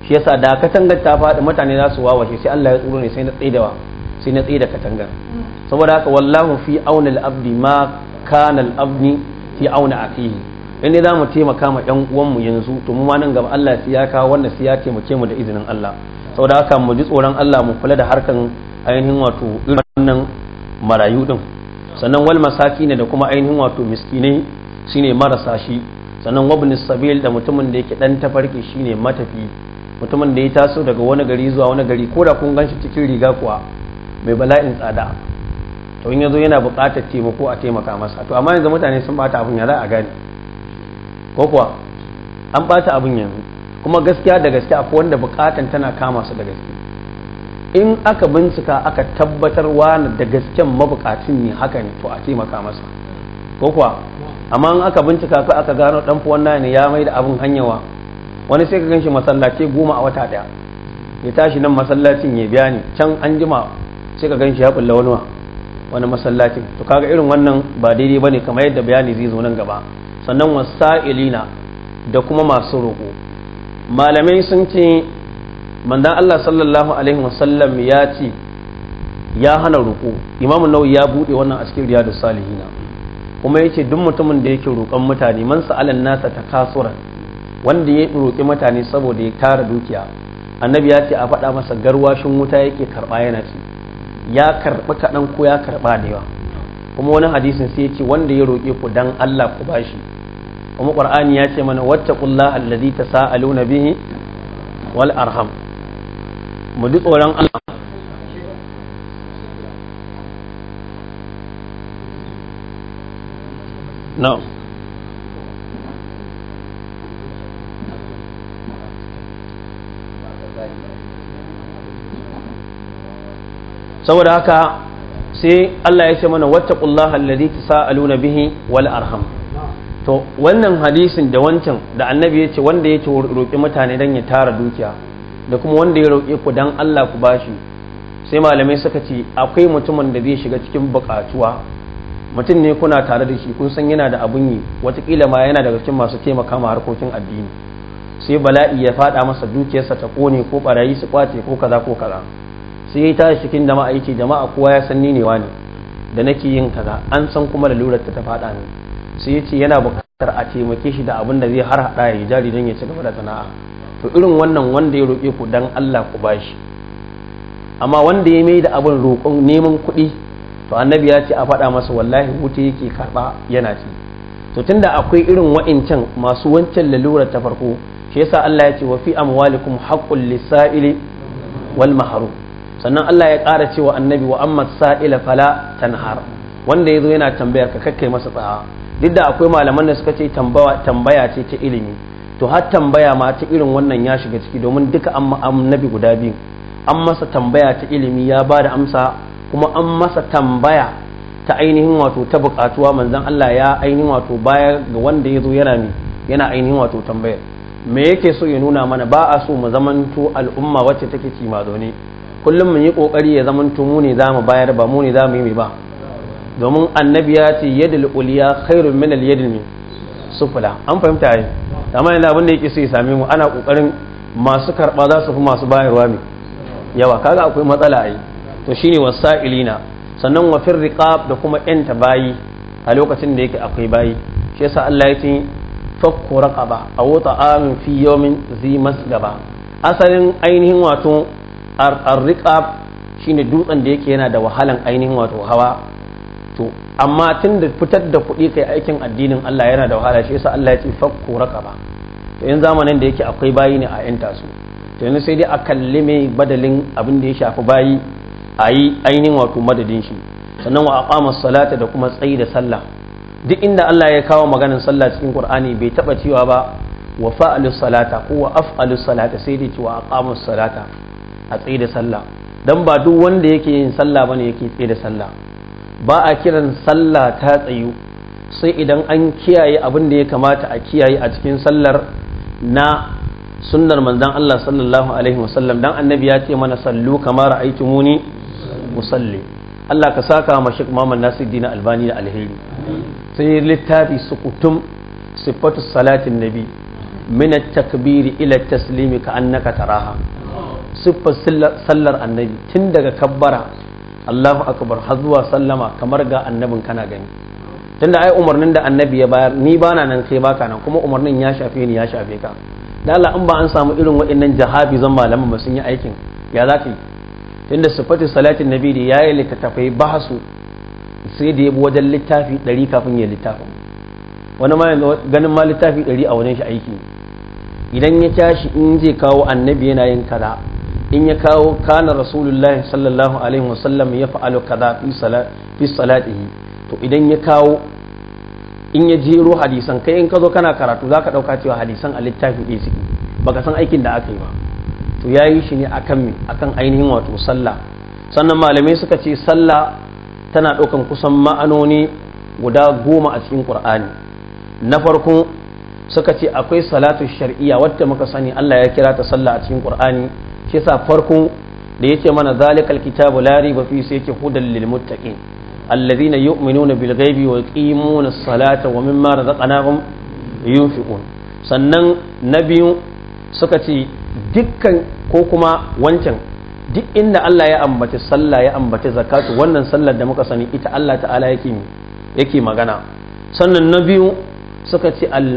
S1: shi yasa da katangar ta faɗi mutane za su wawashe sai Allah ya tsoro ne sai na tsaidawa sai na tsaida katangar saboda haka wallahu fi aunal abdi ma kana al abdi fi auna akihi in ne mu taimaka ma ɗan uwan mu yanzu to mu ma nan gaba Allah sai ya kawo wannan sai ya taimake mu da izinin Allah saboda haka mu ji tsoron Allah mu kula da harkan ainihin wato irin wannan marayu din sannan wal ne da kuma ainihin wato miskinai shine marasa shi sannan wabni sabil da mutumin da yake dan tafarki shine matafi mutumin da ya taso daga wani gari zuwa wani gari ko da kun ganshi cikin riga kuwa mai bala'in tsada to in yazo yana buƙatar taimako a taimaka masa to amma yanzu mutane sun bata abin ya za a gane ko kuwa an bata abin yanzu kuma gaskiya da gaskiya akwai wanda buƙatan tana kama su da gaskiya in aka bincika aka tabbatar wani da gasken mabukacin ne haka ne to a taimaka masa ko kuwa amma in aka bincika ka aka gano dan fuwan ne ya mai da abin hanyawa wani sai ka ganshi masallaci goma a wata daya ya tashi nan masallacin ya biya ni can an jima sai ka ganshi ya kulla wani wani masallacin to kaga irin wannan ba daidai bane kamar yadda bayani zai zo nan gaba sannan wasa'ilina da kuma masu roƙo malamai sun ce manzon Allah sallallahu alaihi wasallam ya ce ya hana ruku imamu nau ya buɗe wannan a cikin da salihina kuma yace duk mutumin da yake roƙon mutane man sa'alan nasa ta kasuwar, wanda ya roƙi mutane saboda ya tara dukiya annabi ya ce a faɗa masa garwashin wuta yake karɓa yana ci ya karɓi kaɗan ko ya karɓa da yawa kuma wani hadisin sai ya ce wanda ya roƙe ku dan Allah ku bashi kuma Ƙur'ani ya ce mana wattaqullaha allazi tasaaluna bihi wal arham mu ji tsoron Allah na saboda haka sai Allah ya ce mana wattaqullaha allazi tasaaluna bihi wal arham to wannan hadisin da wancan da annabi ya ce wanda ya ce roƙi mutane don ya tara dukiya da kuma wanda ya roƙe ku dan Allah ku bashi sai malamai suka ce akwai mutumin da zai shiga cikin buƙatuwa mutum ne kuna tare da shi kun san yana da abun yi watakila ma yana daga cikin masu taimaka ma harkokin addini sai bala'i ya faɗa masa dukiyarsa ta kone ko ɓarayi su kwace ko kaza ko kaza sai ya tashi cikin jama'a yake jama'a kowa ya san ni ne wani da nake yin kaza an san kuma lalurar ta ta faɗa ne sai ya ce yana buƙatar a taimake shi da abin da zai har haɗa ya jari don ya ci gaba da sana'a to irin wannan wanda ya roƙe ku dan Allah ku bashi amma wanda ya mai da abin roƙon neman kuɗi to annabi ya ce a faɗa masa wallahi wuta yake karɓa yana ci to tunda akwai irin wa'incan masu wancan lalura ta farko shi yasa Allah ya ce wa fi amwalikum haqqul lisa'ili wal mahrum sannan Allah ya ƙara cewa annabi wa amma sa'ila fala tanhar wanda ya zo yana tambayar ka kakkai masa tsaha duk da akwai malaman da suka ce tambaya ce ta ilimi to har tambaya ma ta irin wannan ya shiga ciki domin duka an annabi guda biyu an masa tambaya ta ilimi ya ba da amsa kuma an masa tambaya ta ainihin wato ta buƙatuwa manzon Allah ya ainihin wato baya ga wanda ya zo yana ne yana ainihin wato tambaya. me yake so ya nuna mana ba a so mu zamanto al'umma wacce take ci ne kullum mu yi kokari ya zamanto mu ne zamu bayar ba mu ne zamu yi mai ba domin annabi ya ce yadul uliya khairun min al yadil sufula an fahimta yi amma yanzu abin da yake so ya same mu ana kokarin masu karba za su fi masu bayarwa ne yawa kaga akwai matsala ai to shine wasailina sannan wa fir da kuma yanta bayi a lokacin da yake akwai bayi shi yasa Allah ya ce fakku raqaba aw ta'amin fi yawmin zi masgaba asalin ainihin wato ar-riqab shine dutsen da yake yana da wahalan ainihin wato hawa to amma tun da fitar da kuɗi kai aikin addinin Allah yana da wahala shi yasa Allah ya ce fakku raqaba to yanzu zamanin da yake akwai bayi ne a yanta su to yanzu sai dai a kalli mai badalin abin da ya shafi bayi a yi ainihin wato madadin shi sannan wa aqama salata da kuma tsayi da sallah duk inda Allah ya kawo maganin sallah cikin Qur'ani bai taba cewa ba wa fa'alus salata ko wa af'alus salata sai dai cewa aqamus salata a tsayi da sallah dan ba duk wanda yake yin sallah bane yake tsaye da sallah ba a kiran sallah ta tsayu sai idan an kiyaye abin da ya kamata a kiyaye a cikin sallar na sunnar manzon Allah sallallahu alaihi wasallam dan annabi ya ce mana sallu kamar muni musalli Allah ka saka ma Sheikh Muhammad Nasiruddin Albani da alheri sai littafi kutum sifatu salatin nabi min at-takbir ila at-taslim ka annaka taraha siffar sallar annabi tun daga kabbara Allahu akbar har zuwa sallama kamar ga annabin kana gani tunda ai umarnin da annabi ya bayar ni bana nan kai baka nan kuma umarnin ya shafe ni ya shafe ka da Allah in ba an samu irin waɗannan jahabi zan malamin ba sun yi aikin ya za ka yi tunda sifatu salatin nabi da yayi littattafai bahasu sai da yabo wajen littafi ɗari kafin ya littafi wani ma ganin ma littafi ɗari a wajen shi aiki idan ya tashi in zai kawo annabi yana yin kaza in ya kawo kana rasulullah sallallahu alaihi wasallam ya fa'alu kaza fi salatihi to idan ya kawo in ya jero hadisan kai in ka zo kana karatu zaka ka ɗauka cewa hadisan a littafi ɗaya suke baka san aikin da aka yi ba to ya yi shi ne akan me akan ainihin wato sallah sannan malamai suka ce sallah tana ɗaukan kusan ma'anoni guda goma a cikin ƙur'ani na farko suka ce akwai salatu shar'iyya wadda muka sani Allah ya kira ta sallah a cikin ƙur'ani kisa farko da ce mana zalikal kitabu la riba fi sai yake hudal lil muttaqin alladhina yu'minuna bil ghaibi wa yuqimuna as-salata wa mimma razaqnahum yunfiqun sannan na biyu suka ce dukkan ko kuma wancan duk inda Allah ya ambaci sallah ya ambaci zakatu wannan sallar da muka sani ita Allah ta'ala yake yake magana sannan na biyu suka ce al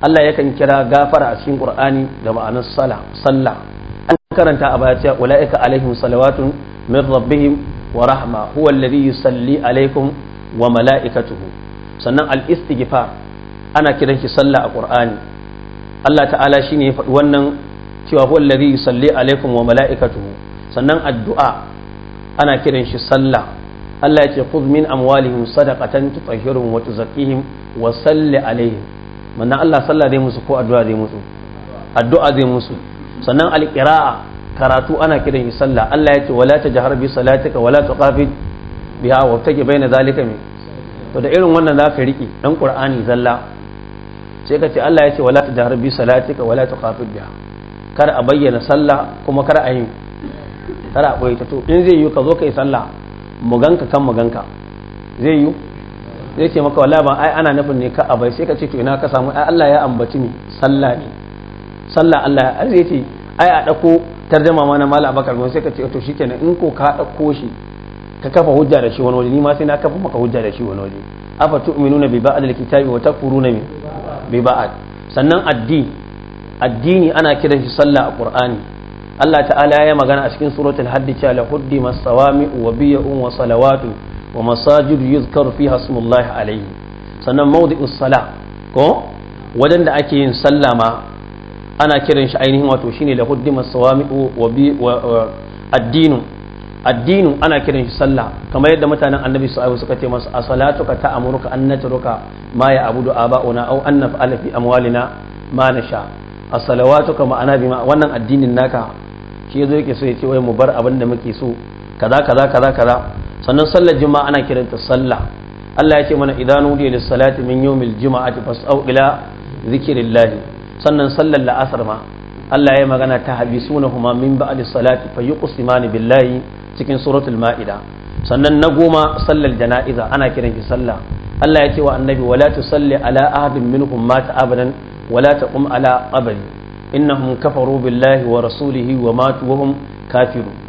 S1: Allah yakan kira gafara a cikin Qur'ani da ma'anar sallah an karanta a baya cewa ulaika alaihim salawatun min rabbihim wa rahma huwa alladhi yusalli alaikum wa mala'ikatuhu sannan al-istighfar ana kiran shi sallah a Qur'ani Allah ta'ala shine ya faɗi wannan cewa huwa alladhi yusalli alaikum wa mala'ikatuhu sannan addu'a ana kiran shi sallah Allah ya ce khudh min amwalihim sadaqatan tutahhiruhum wa tuzakkihim wa salli alaihim wannan Allah sallah zai musu ko addu'a zai musu addu'a zai musu sannan alƙira'a karatu ana kiran shi sallah Allah ya ce wala ta tajhar bi salatika wala ta tuqafid biha wa ke baina zalika me to da irin wannan zaka riki dan qur'ani zalla sai ka ce Allah ya ce wala ta tajhar bi salatika wala ta tuqafid biha kar a bayyana sallah kuma kar a yi kar a koyi ta to in zai yi ka zo kai sallah mu ganka kan mu ganka zai yi zai ce maka wala ba ai ana nufin ne ka abai sai ka ce to ina ka samu ai Allah ya ambaci ni sallah ne sallah Allah ya zai ce ai a dako tarjama mana mala abakar gon sai ka ce to shikenan in ko ka dako shi ka kafa hujja da shi wani waje ni ma sai na kafa maka hujja da shi wani waje afa tu'minuna bi ba'd al-kitabi wa takfuruna bi ba'd sannan addini addini ana kiran shi sallah a qur'ani Allah ta'ala ya magana a cikin suratul hadd cha la huddi masawami wa biya'un wa salawatu wa masajidu yuzkaru fiha ismullahi alayhi sannan mawdi'us sala ko wajen da ake yin sallah ma ana kiran shi ainihin wato shine la huddima sawami'u wa bi addinu addinu ana kiran shi sallah kamar yadda mutanen annabi su'ayu suka ce masa asalatuka ta amurka an natruka ma ya aba'una au an naf'ala fi amwalina ma nasha asalawatuka ma'ana bima wannan addinin naka shi yazo yake so ya ce wai mu bar abin da muke so kaza kaza kaza kaza sannan sallar juma'a ana kiranta sallah Allah ya ce mana idan nudiya lis salati min yawmil juma'ati fas'au ila zikrillah sannan sallar la'asar ma Allah ya magana ta habisunahuma min ba'di salati fayuqsimani billahi cikin suratul ma'ida sannan na goma sallar jana'iza ana kiran ki sallah Allah ya ce wa annabi wala tusalli ala ahadin minhum mata abadan wala taqum ala qabri innahum kafaru billahi wa rasulihi wa matu wa hum kafirun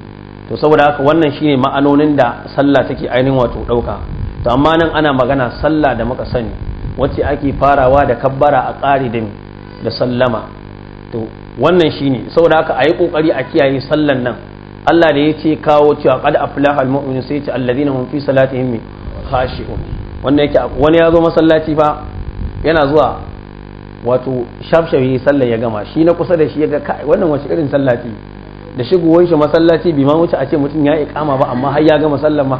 S1: to saboda haka wannan shine ma'anonin da sallah take ainihin wato ɗauka to amma nan ana magana sallah da muka sani wacce ake farawa da kabbara a ƙari da da sallama to wannan shine saboda haka a yi ƙoƙari a kiyaye sallan nan Allah da ya ce kawo cewa qad aflaha almu'minun sai ya ce alladhina hum fi salatihim khashi'un wannan yake wani ya zo masallaci fa yana zuwa wato shafshafi sallar ya gama shi na kusa da shi ya ga wannan wace irin sallaci da shigowar shi masallaci bi ma wuce a ce mutum ya ikama ba amma har ya ga masallan ma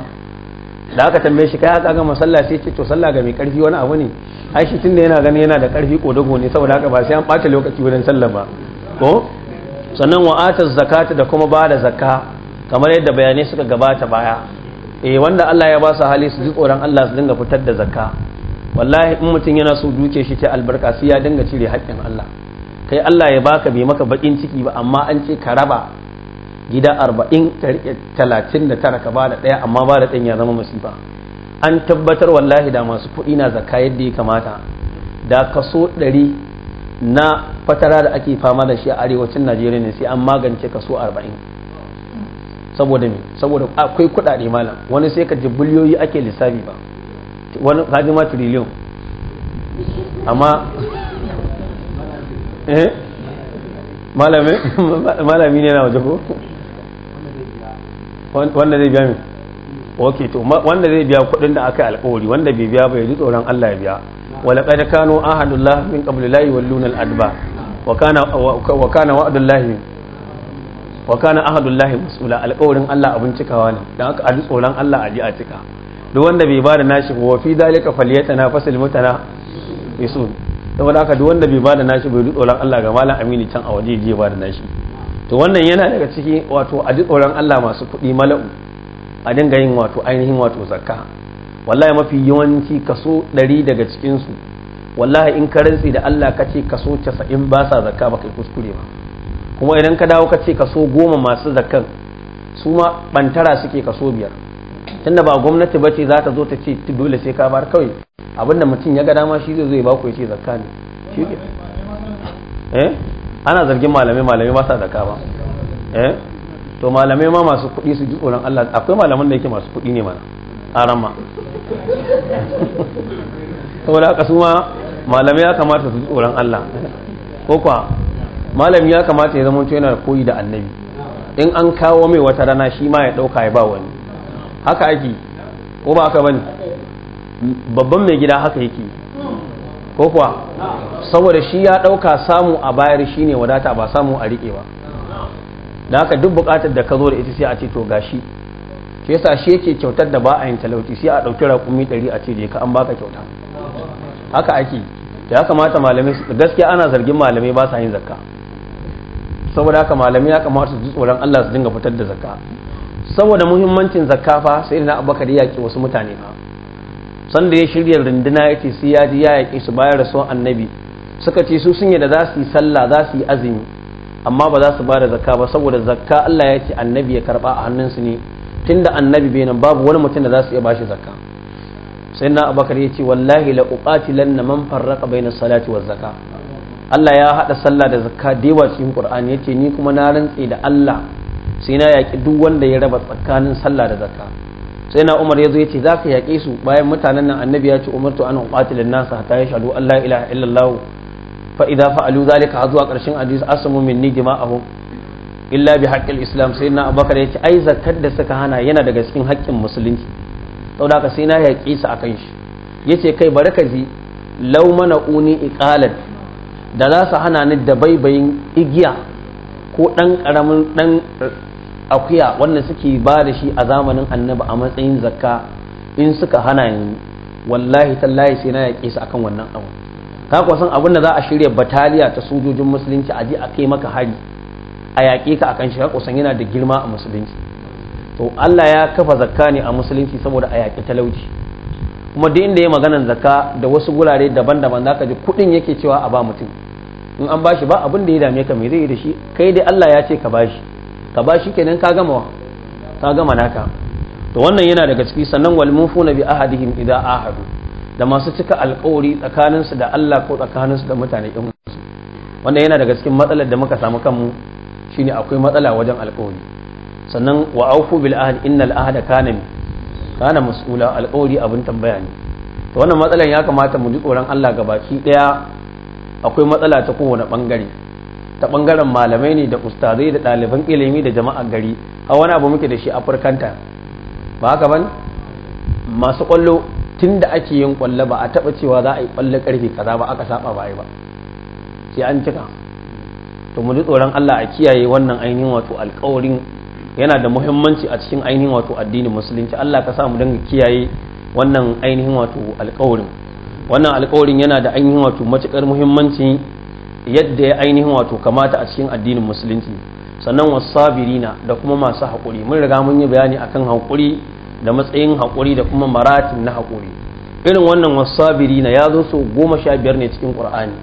S1: da aka tambaye shi kai aka ga masallaci ce to sallah ga mai karfi wani abu ne ai shi tunda yana gani yana da karfi ko kodago ne saboda haka ba sai an bace lokaci wurin sallah ba ko sannan wa'atar zakata da kuma ba da zakka kamar yadda bayanai suka gabata baya eh wanda Allah ya ba su hali su ji tsoron Allah su dinga fitar da zakka wallahi in mutum yana so duke shi ta albarka sai ya dinga cire haƙƙin Allah kai Allah ya baka bai maka bakin ciki ba amma an ce ka raba gida arba'in ka talatin da tara ka ba da ɗaya amma ba da ɗin ya zama masifa an tabbatar wallahi da masu kuɗi na zaka yadda ya kamata da kaso ɗari na fatara da ake fama da shi a arewacin najeriya ne sai an magance kaso arba'in saboda me saboda akwai kuɗaɗe malam wani sai ka ji biliyoyi ake lissafi ba wani kaji ma triliyon
S3: amma eh? Eh?
S1: malami ne na waje ko wanda zai biya mi ok to wanda zai biya kudin da aka alkawari wanda bai biya bai ji tsoron Allah ya biya wala qad kanu ahadullah min qabli la yawluna al adba wa kana wa kana wa'dullah wa kana ahadullah mas'ula alkawarin Allah abin cikawa ne dan aka ji tsoron Allah a ji a cika duk wanda bai bada nashi wa fi dalika falyatana fasil mutana yasun saboda haka duk wanda bai bada nashi bai ji tsoron Allah ga malam amini can a waje ba bada nashi to wannan yana daga ciki wato a ji tsoron Allah masu kuɗi mala'u a dinga yin wato ainihin wato zakka wallahi mafi yawanci kaso ɗari daga cikinsu wallahi in ka rantsi da Allah ka ce kaso casa'in ba sa zakka ba kai kuskure ba kuma idan ka dawo ka ce kaso goma masu zakkan su ma ɓantara suke kaso biyar tunda ba gwamnati ba ce za ta zo ta ce dole sai ka bar kawai abinda mutum ya ga dama shi zai zo ya baku ya ce zakka ne eh? ana zargin malamai malamai ba sa da ba eh to malamai ma masu kuɗi su ji tsoron Allah akwai malaman da yake masu kuɗi ne mana arama saboda haka su ma malamai ya kamata su ji tsoron Allah ko kuwa malami ya kamata ya zama yana koyi da annabi in an kawo mai wata rana shi ma ya ɗauka ya ba wani haka ake ko ba haka bane babban mai gida haka yake ko kuwa saboda shi ya ɗauka samu a bayar shi ne wadata ba samu a riƙe ba da haka duk buƙatar da ka zo da ita sai a ce to gashi shi yasa shi yake kyautar da ba a yin talauci sai a ɗauki rakumi ɗari a ce je ka an baka kyauta haka ake ya kamata malamai gaskiya ana zargin malamai ba sa yin zakka saboda haka malamai ya kamata su ji tsoron Allah su dinga fitar da zakka saboda muhimmancin zakka fa sai da na abubakar ya ki wasu mutane fa sanda ya shirya rindina ya ce sai ya ji ya yaƙi su bayar da son annabi suka ce su sun da za su yi sallah za su yi azumi amma ba za su ba da zakka ba saboda zakka Allah ya ce annabi ya karba a hannunsu ne tunda annabi bai nan babu wani mutum da za su iya bashi zakka sai na abakar ya ce wallahi la uqatilan man farraqa baina salati waz zakka Allah ya hada sallah da zakka da cikin Qur'ani yace ni kuma na rantse da Allah sai na yaƙi duk wanda ya raba tsakanin sallah da zakka sai na umar ya ya zo ce za ka yaƙe su bayan mutanen nan annabi ya ce umartu an uqatilin nas hatta yashhadu an la ilaha illallah fa idza fa'alu zalika har zuwa ƙarshen hadisi asmu minni jima'ahum illa bi haqqil islam sai na abubakar ce ai zakkar da suka hana yana daga cikin haƙƙin musulunci saboda haka sai na yaƙe su a kan shi yace kai bari ka ji law mana uni iqalat da za su hana ni da baibayin igiya ko ɗan ƙaramin ɗan akuya wanda suke ba da shi a zamanin annabi a matsayin zakka in suka hana yin wallahi tallahi sai na yaƙe su akan wannan abu ka kuwa san abin da za a shirya bataliya ta sojojin musulunci a je a kai maka hari a yaƙe ka akan shi ka kusan yana da girma a musulunci to Allah ya kafa zakka ne a musulunci saboda a yaƙi talauci kuma duk inda ya maganan zakka da wasu gurare daban-daban zaka ji kuɗin yake cewa a ba mutum in an ba shi ba abin da ya dame ka me zai yi da shi kai dai Allah ya ce ka ba shi. ka ba shi kenan ka gama ka gama naka to wannan yana daga ciki sannan wal mufuna bi ahadihim idza ahadu da masu cika alƙawari tsakaninsu da Allah ko tsakaninsu da mutane ɗin su wannan yana daga cikin matsalar da muka samu kanmu shine akwai matsala wajen alƙawari sannan wa aufu bil ahd innal ahd kana kana mas'ula alƙawari abin tambaya ne to wannan matsalar ya kamata mu ji tsoron Allah gabaki daya akwai matsala ta kowane bangare ta bangaren malamai ne da ustazai da ɗaliban ilimi da jama'a gari a wani abu muke da shi a farkanta ba haka ban masu kwallo tun da ake yin kwallo ba a taɓa cewa za a yi kwallo karfe kaza ba aka saba yi ba sai an cika to mu ji tsoron Allah a kiyaye wannan ainihin wato alƙawarin yana da muhimmanci a cikin ainihin wato addinin musulunci Allah ka sa mu dinga kiyaye wannan ainihin wato alƙawarin wannan alƙawarin yana da ainihin wato matuƙar muhimmanci yadda ya ainihin wato kamata a cikin addinin musulunci sannan wasabirina da kuma masu haƙuri mun riga mun yi bayani akan haƙuri da matsayin haƙuri da kuma maratin na haƙuri irin wannan wasabirina ya zo so goma sha biyar ne cikin ƙur'ani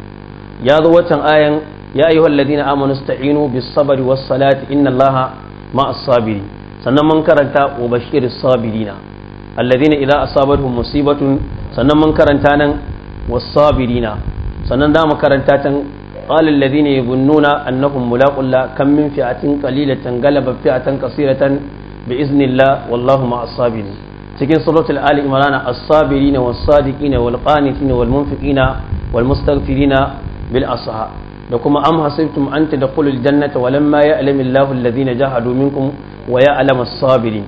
S1: ya zo watan ayan ya yi walladina amanu sta'inu bis sabari was salati inna allaha ma'as sabiri sannan mun karanta wa bashiris sabirina alladina idza asabatuhum musibatun sannan mun karanta nan was sabirina sannan da mu karanta tan قال الذين يظنون أنهم ملاق الله كم من فئة قليلة غلبت فئة كثيرة بإذن الله والله مع الصابرين cikin suratul ali imran as-sabirin was-sadiqin wal-qanitin wal-munfiqin wal-mustaghfirin bil asha da kuma am hasibtum an tadkhulul jannata walamma ya'lamu Allahu alladhina jahadu minkum wa ya'lamu as-sabirin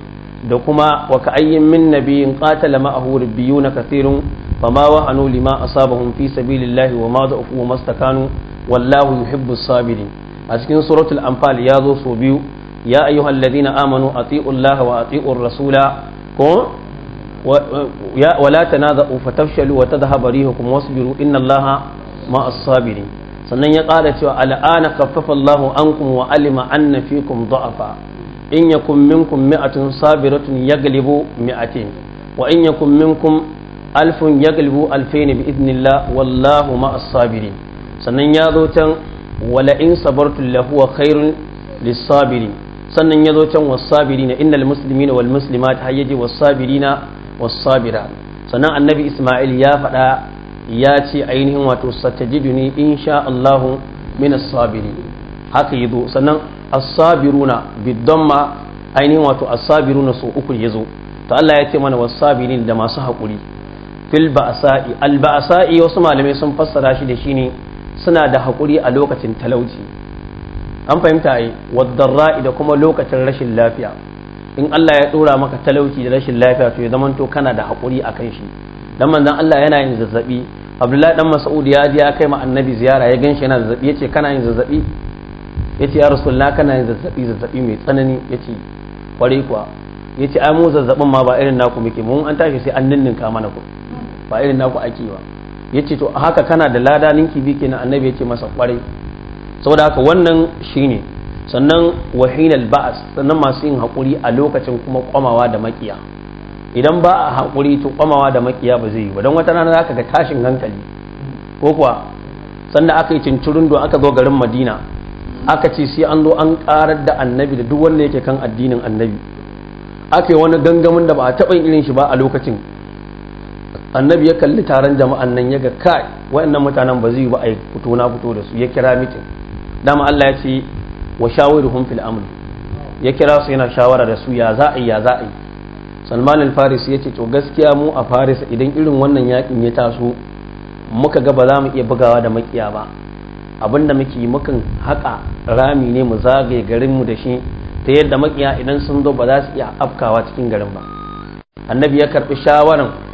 S1: da kuma wa ka'ayyin min nabiyyin qatala ma'ahu rabbiyuna kathirun fama wahanu lima asabahum fi sabilillahi wa ma da'u wa mastakanu wallahu yuhibbu sabirin a cikin suratul anfal ya zo so biyu ya ayyuhal ladina amanu ati'u Allah wa ati'u rasula ko ya wala tanaza'u fatafshalu wa tadhhabu rihukum wasbiru inna Allah ma'as sabirin sannan ya ƙara cewa al'ana kaffafa Allahu ankum wa alima anna fikum du'afa in yakum minkum mi'atun sabiratun yaglibu mi'atin wa in yakum minkum alfun yaglibu alfayn bi idnillah wallahu ma'as sabirin sannan ya zo can wala in sabartu lahu wa khairun lisabiri sannan ya zo can wasabirina innal muslimina wal muslimat hayyaji wasabirina wasabira sannan annabi isma'il ya faɗa ya ce ainihin wato satajiduni insha Allahu min as-sabiri haka yazo sannan as-sabiruna bidamma ainihin wato as-sabiruna su uku yazo to Allah ya ce mana wasabirin da masu haƙuri fil ba'sa'i al ba'sa'i wasu malamai sun fassara shi da shine suna da haƙuri a lokacin talauci an fahimta yi waddarra'i da kuma lokacin rashin lafiya in Allah ya tsora maka talauci da rashin lafiya to ya zamanto kana da haƙuri a kan shi dan manzon Allah yana yin zazzabi Abdullahi dan Mas'ud ya je ya kai ma annabi ziyara ya ganshi yana zazzabi yace kana yin zazzabi yace ya rasulullah kana yin zazzabi zazzabi mai tsanani yace kware kuwa yace ai mu zazzabin ma ba irin naku muke mun an tashi sai an ninninka mana ku ba irin naku ake ba ya ce to haka kana da lada ninki bi kenan annabi yace masa kwarai saboda haka wannan ne. sannan wahinal ba'as sannan masu yin hakuri a lokacin kuma kwamawa da makiya idan ba a hakuri to kwamawa da makiya ba zai yi ba don wata rana zaka ga tashin hankali ko kuwa sannan aka yi cincirin don aka zo garin madina aka ce sai an zo an karar da annabi da duk wanda yake kan addinin annabi aka yi wani gangamin da ba a taɓa irin shi ba a lokacin annabi ya kalli taron jama'an nan ya ga kai wayannan mutanen ba zai ba a fito na fito da su ya kira mitin dama Allah ya ce wa shawiruhum fil amr ya kira su yana shawara da su ya za a ya za a Salman al-Faris ya ce to gaskiya mu a Faris idan irin wannan yakin ya taso muka ga ba za mu iya bugawa da makiya ba abinda muke yi mukan haƙa rami ne mu zagaye garin mu da shi ta yadda makiya idan sun zo ba za su iya afkawa cikin garin ba annabi ya karbi shawaran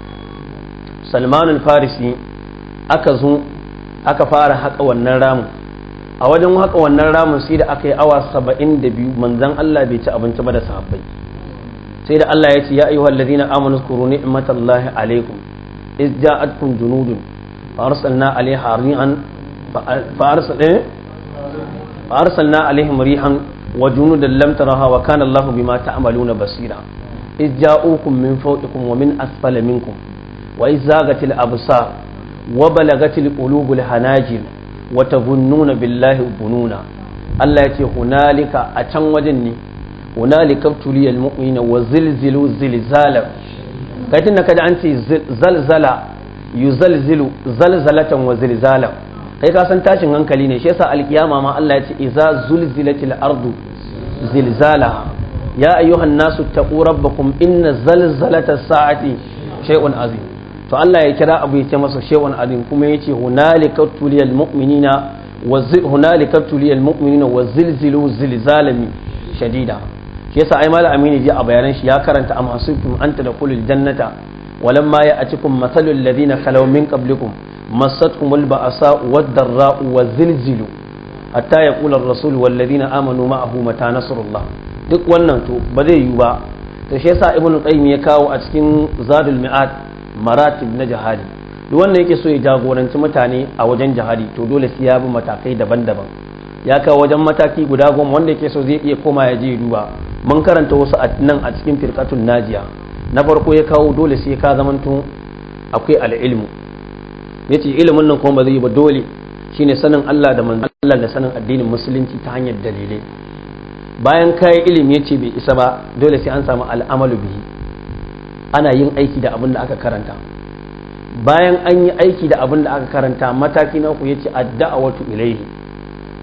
S1: salmanul farisi aka zo aka fara haƙa wannan ramin a wajen haƙa wannan ramin sai da aka yi awa saba'in da biyu manzan Allah bai ci abinci ba da sahabbai sai da Allah ya ce ya ayyuhal ladina amanu zkuru ni'matallahi alaikum iz ja'atkum junudun fa arsalna alaiha ri'an eh? fa arsalna fa arsalna alaihim rihan wa junudan lam taraha wa kana Allahu bima ta'maluna basira iz ja'ukum min fawqikum wa min asfala minkum Wai zagatil absar wa balagatil qulubul hanajir wa tazunnuna billahi bununa Allah ya ce hunalika a can wajen ne hunalika tuliyal mu'mina wa zilzilu zilzala kajin na kada an ce zalzala yuzalzilu zalzalatan wa zilzala kai ka san tashin hankali ne shi yasa alkiyama ma Allah ya ce iza zulzilatil ardu zilzala ya ayyuhan nasu taqu rabbakum inna zalzalata sa'ati shay'un azim to Allah ya kira abu yake masa shewan adin kuma yace hunalika tuliyal mu'minina wa hunalika tuliyal mu'minina wa zilzilu zilzalami shadida shi yasa ai malam amini ji a bayanan shi ya karanta am hasibtum anta dakhulul jannata walamma ya'atikum mathalul ladina khalaw min qablikum massatkumul ba'sa wad-dharra'u wazilzilu hatta yaqul ar-rasul walladina amanu ma'ahu mata nasrullah duk wannan to ba zai yi ba to shi yasa ibnu qayyim ya kawo a cikin zadul mi'ad maratib na jihadi duk wanda yake so ya jagoranci mutane a wajen jihadi to dole sai ya bi matakai daban-daban ya kawo wajen mataki guda goma wanda yake so zai iya koma ya je duba mun karanta wasu nan a cikin firkatun najiya na farko ya kawo dole sai ka zamanto akwai al'ilmu yace ilimin nan kuma ba zai yi ba dole shine sanin Allah da manzon Allah da sanin addinin musulunci ta hanyar dalilai bayan kai ilimi yace bai isa ba dole sai an samu al'amalu bihi ana yin aiki da abin da aka karanta bayan an yi aiki da abin da aka karanta mataki na ku ya ce watu ilaihi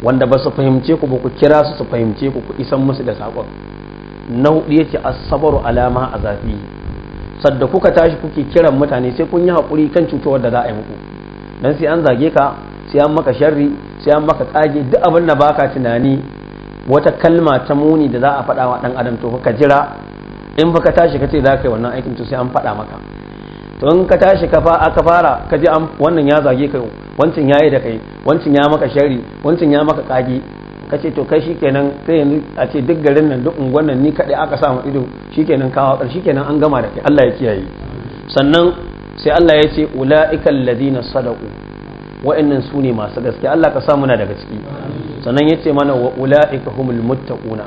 S1: wanda ba su fahimce ku ba ku kira su su fahimce ku ku isan musu da saƙon na hudu ya ce asabaru alama a zafi sadda kuka tashi kuke kiran mutane sai kun yi haƙuri kan cutuwar da za a yi muku dan sai an zage ka sai an maka sharri sai an maka kage duk abin da baka tunani wata kalma ta muni da za a faɗa wa ɗan adam to ka jira in ba ka tashi ka ce za ka yi wannan aikin to sai an faɗa maka to in ka tashi ka aka fara ka ji wannan ya zage ka wancin ya yi da kai wancin ya maka shari wancin ya maka kage ka ce to kai shikenan sai yanzu a ce duk garin nan duk unguwan nan ni kaɗai aka samu ido shikenan kawo ƙarshe kenan an gama da kai Allah ya kiyaye sannan sai Allah ya ce ula'ikal ladina sadaqu wa'annan sune masu gaske Allah ka sa muna daga ciki sannan ya ce mana wa ula'ika humul muttaquna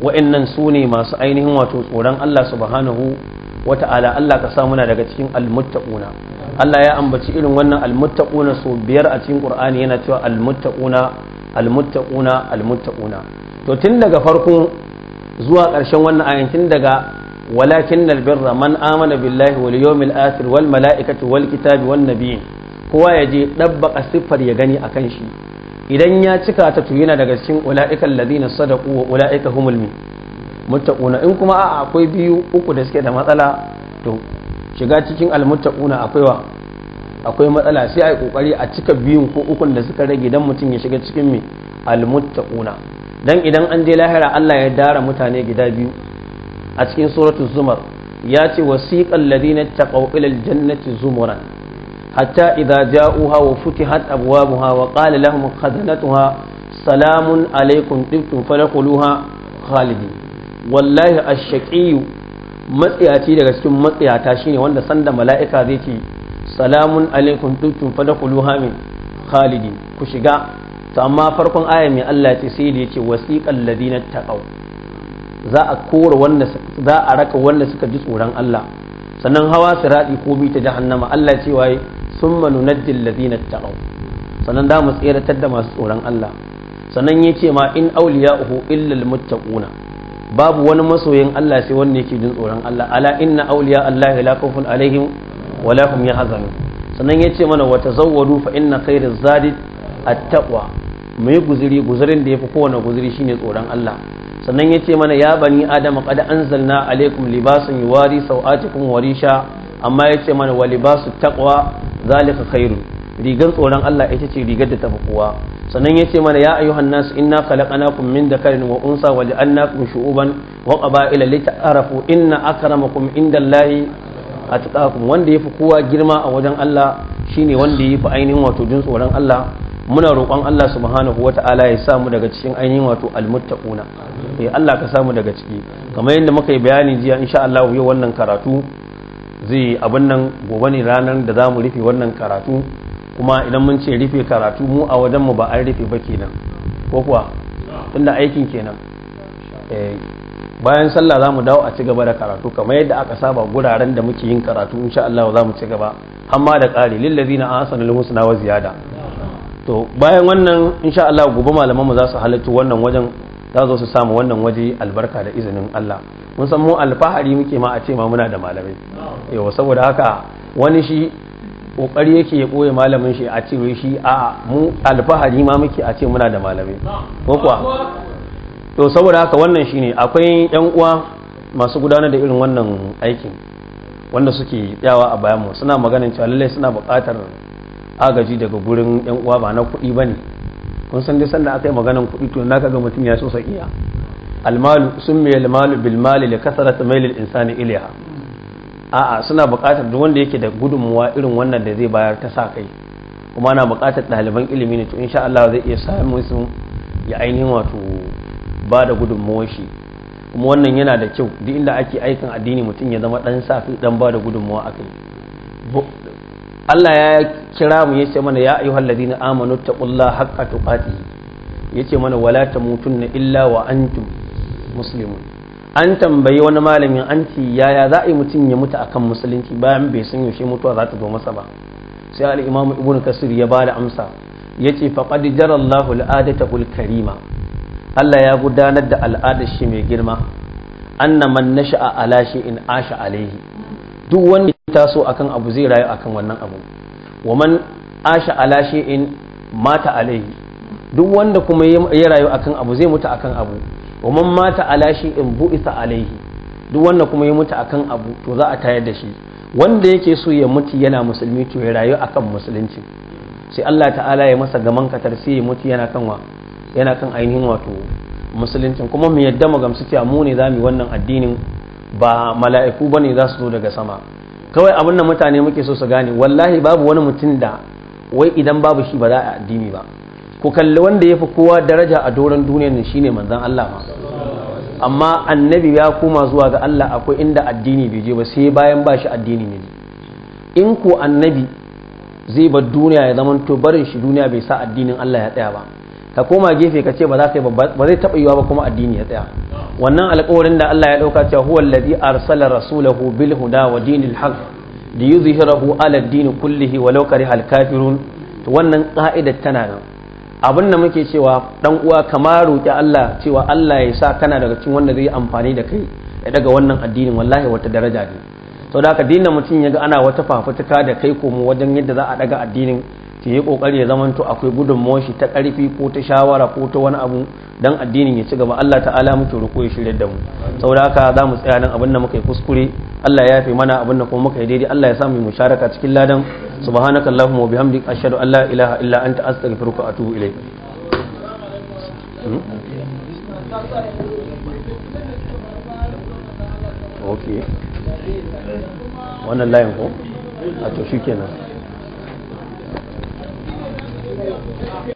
S1: wa'annan su ne masu ainihin wato tsoron Allah subhanahu wata'ala Allah ka samu na daga cikin almuttaquna Allah ya ambaci irin wannan almuttaquna so biyar a cikin Qur'ani yana cewa almuttaquna almuttaquna almuttaquna to tun daga farko zuwa ƙarshen wannan ayin tun daga walakin albirra man amana billahi wal yawmil akhir wal mala'ikati wal kitabi wan nabiyyin kowa ya je dabbaka siffar ya gani akan shi idan ya cika ta to daga cikin ula'ikal Ladina sadaqu wa ula'ika humul muttaquna in kuma a akwai biyu uku da suke da matsala to shiga cikin almuttaquna akwai wa akwai matsala sai ai kokari a cika biyun ko ukun da suka rage dan mutum ya shiga cikin me almuttaquna dan idan an je lahira Allah ya dara mutane gida biyu a cikin suratul zumar ya ce wasiqal ladina taqaw ila aljannati zumuran hatta idza ja'uha wa futihat abwabuha wa qala lahum khazanatuha salamun alaikum tibtum fadkhuluha khalidi wallahi ash matsiyaci daga cikin matsiyata shine wanda sanda mala'ika zai ce salamun alaikum tibtum fadkhuluha min ku shiga to amma farkon aya mai Allah ce sai da yace wasiqal ladina taqaw za a kora wanda za a raka wanda suka ji tsoron Allah sannan hawa su raɗi ko bi ta jahannama Allah ce waye sun nunajji alladhina taqaw sannan da mu tsiratar da masu tsoron Allah sannan ya ce ma in illal illa almuttaquna babu wani masoyin Allah sai wanda yake jin tsoron Allah ala inna auliya Allah la khawfun alaihim wa la hum yahzanun sannan ya ce mana wa tazawwadu fa inna da zadi at-taqwa mu yi guziri guzirin da fi kowane shi shine tsoron Allah sannan ya ce mana ya bani adam qad anzalna alaikum libasan yuwari sau'atikum warisha sha. amma ya ce mana wali ba su taqwa zalika khairu rigar tsoron Allah ita ce rigar da tafi kowa sannan ya ce mana ya ayyuhan nas inna khalaqnakum min da dhakarin wa unsa wa ja'alnakum shu'uban wa qaba'ila lita'arafu inna akramakum indallahi atqakum wanda yafi kowa girma a wajen Allah shine wanda fi ainihin wato jin tsoron Allah muna roƙon Allah subhanahu ta'ala ya samu daga cikin ainihin wato almuttaquna eh Allah ka samu daga ciki kamar yadda muka yi bayani jiya insha Allah yau wannan karatu zai abin nan gobe ne ranar da za mu rufe wannan karatu kuma idan mun ce rufe karatu mu a wajen mu ba an rufe ba kenan ko kuwa tunda aikin kenan eh, bayan sallah za mu dawo a ci gaba da karatu kamar yadda aka saba guraren da muke yin karatu insha Allah za mu ci gaba amma da ƙari lillazina ahsanul husna wa ziyada to bayan wannan insha Allah gobe malaman mu za su halarci wannan wajen za su samu wannan waje albarka da izinin Allah mun san mu alfahari muke ma a ce ma muna da malamai yawa saboda haka wani shi kokari yake ya boye malamin shi a ce wai shi a mu alfahari ma muke a ce muna da malamai ko kuwa to saboda haka wannan shine akwai yan uwa masu gudanar da irin wannan aikin wanda suke yawa a bayan mu suna maganin cewa lallai suna buƙatar agaji daga gurin yan uwa ba na kuɗi bane ne kun san dai sanda aka yi maganan kuɗi to na kaga mutum ya so iya. almalu sun mai almalu bil mali li ta mailil insani ilaiha a'a suna buƙatar duk wanda yake da gudunmuwa irin wannan da zai bayar ta sa kai kuma ana buƙatar ɗaliban ilimi ne to insha Allah zai iya samun su ya ainihin wato ba da gudunmuwar shi kuma wannan yana da kyau duk inda ake aikin addini mutum ya zama ɗan safi dan ba da gudunmuwa kai Allah ya kira mu ya ce mana ya ayyuhal ladina amanu taqullaha haqqa tuqatih yace mana wala tamutunna illa wa antum muslimun an tambayi wani malamin an yaya za a yi mutum ya mutu akan musulunci bayan bai san yaushe mutuwa za ta zo masa ba sai al'imamu imam ibn kasir ya bada amsa yace faqad jara Allahu al karima Allah ya gudanar da al'adar shi mai girma anna man nasha'a ala in asha alaihi duk wanda ya taso akan abu zai rayu akan wannan abu wa man asha ala in mata alaihi duk wanda kuma ya rayu akan abu zai mutu akan abu wa man mata ala in bu'isa alaihi duk wanda kuma ya mutu akan abu to za a tayar da shi wanda yake so ya mutu yana musulmi to ya rayu akan musulunci sai Allah ta'ala ya masa gaman katar sai ya mutu yana kan wa yana kan ainihin wato musulunci kuma mu yadda mu gamsu cewa mu ne zamu wannan addinin ba mala'iku bane za su zo daga sama kawai abin da mutane muke so su gane wallahi babu wani mutum da wai idan babu shi ba za a addini ba ku kalli wanda ya fi kowa daraja a doron duniyar nan shine manzon Allah ma amma annabi ya koma zuwa ga Allah akwai inda addini bai je ba sai bayan ba shi addini ne in ku annabi zai bar duniya ya zama to barin shi duniya bai sa addinin Allah ya tsaya ba ka koma gefe ka ce ba za ka ba zai taɓa yiwa ba kuma addini ya tsaya wannan alƙawarin da Allah ya ɗauka cewa huwa alladhi arsala rasulahu bil huda wa dinil haqq liyuzhirahu ala ad-din kullihi walau karihal kafirun to wannan ka'idar tana nan abin da muke cewa dan uwa kama roƙi Allah cewa Allah ya sa kana daga cikin wanda zai amfani da kai ya daga wannan addinin wallahi wata daraja ne sau da haka dinin mutum ya ga ana wata fafutuka da kai mu wajen yadda za a daga addinin ta yi kokari ya zamanto akwai gudun shi ta karfi ko ta shawara ko ta wani abu dan addinin ya ci gaba Allah ta'ala muke roƙo ya shirye da mu saboda haka za mu tsaya nan abin da muka yi kuskure Allah ya yafe mana abin da kuma muka yi daidai Allah ya sa mu musharaka cikin ladan subhanakallahumma wa bihamdika ashhadu an la ilaha illa anta astaghfiruka wa atubu ilayk
S2: hmm? okay wannan layin ko a to shikenan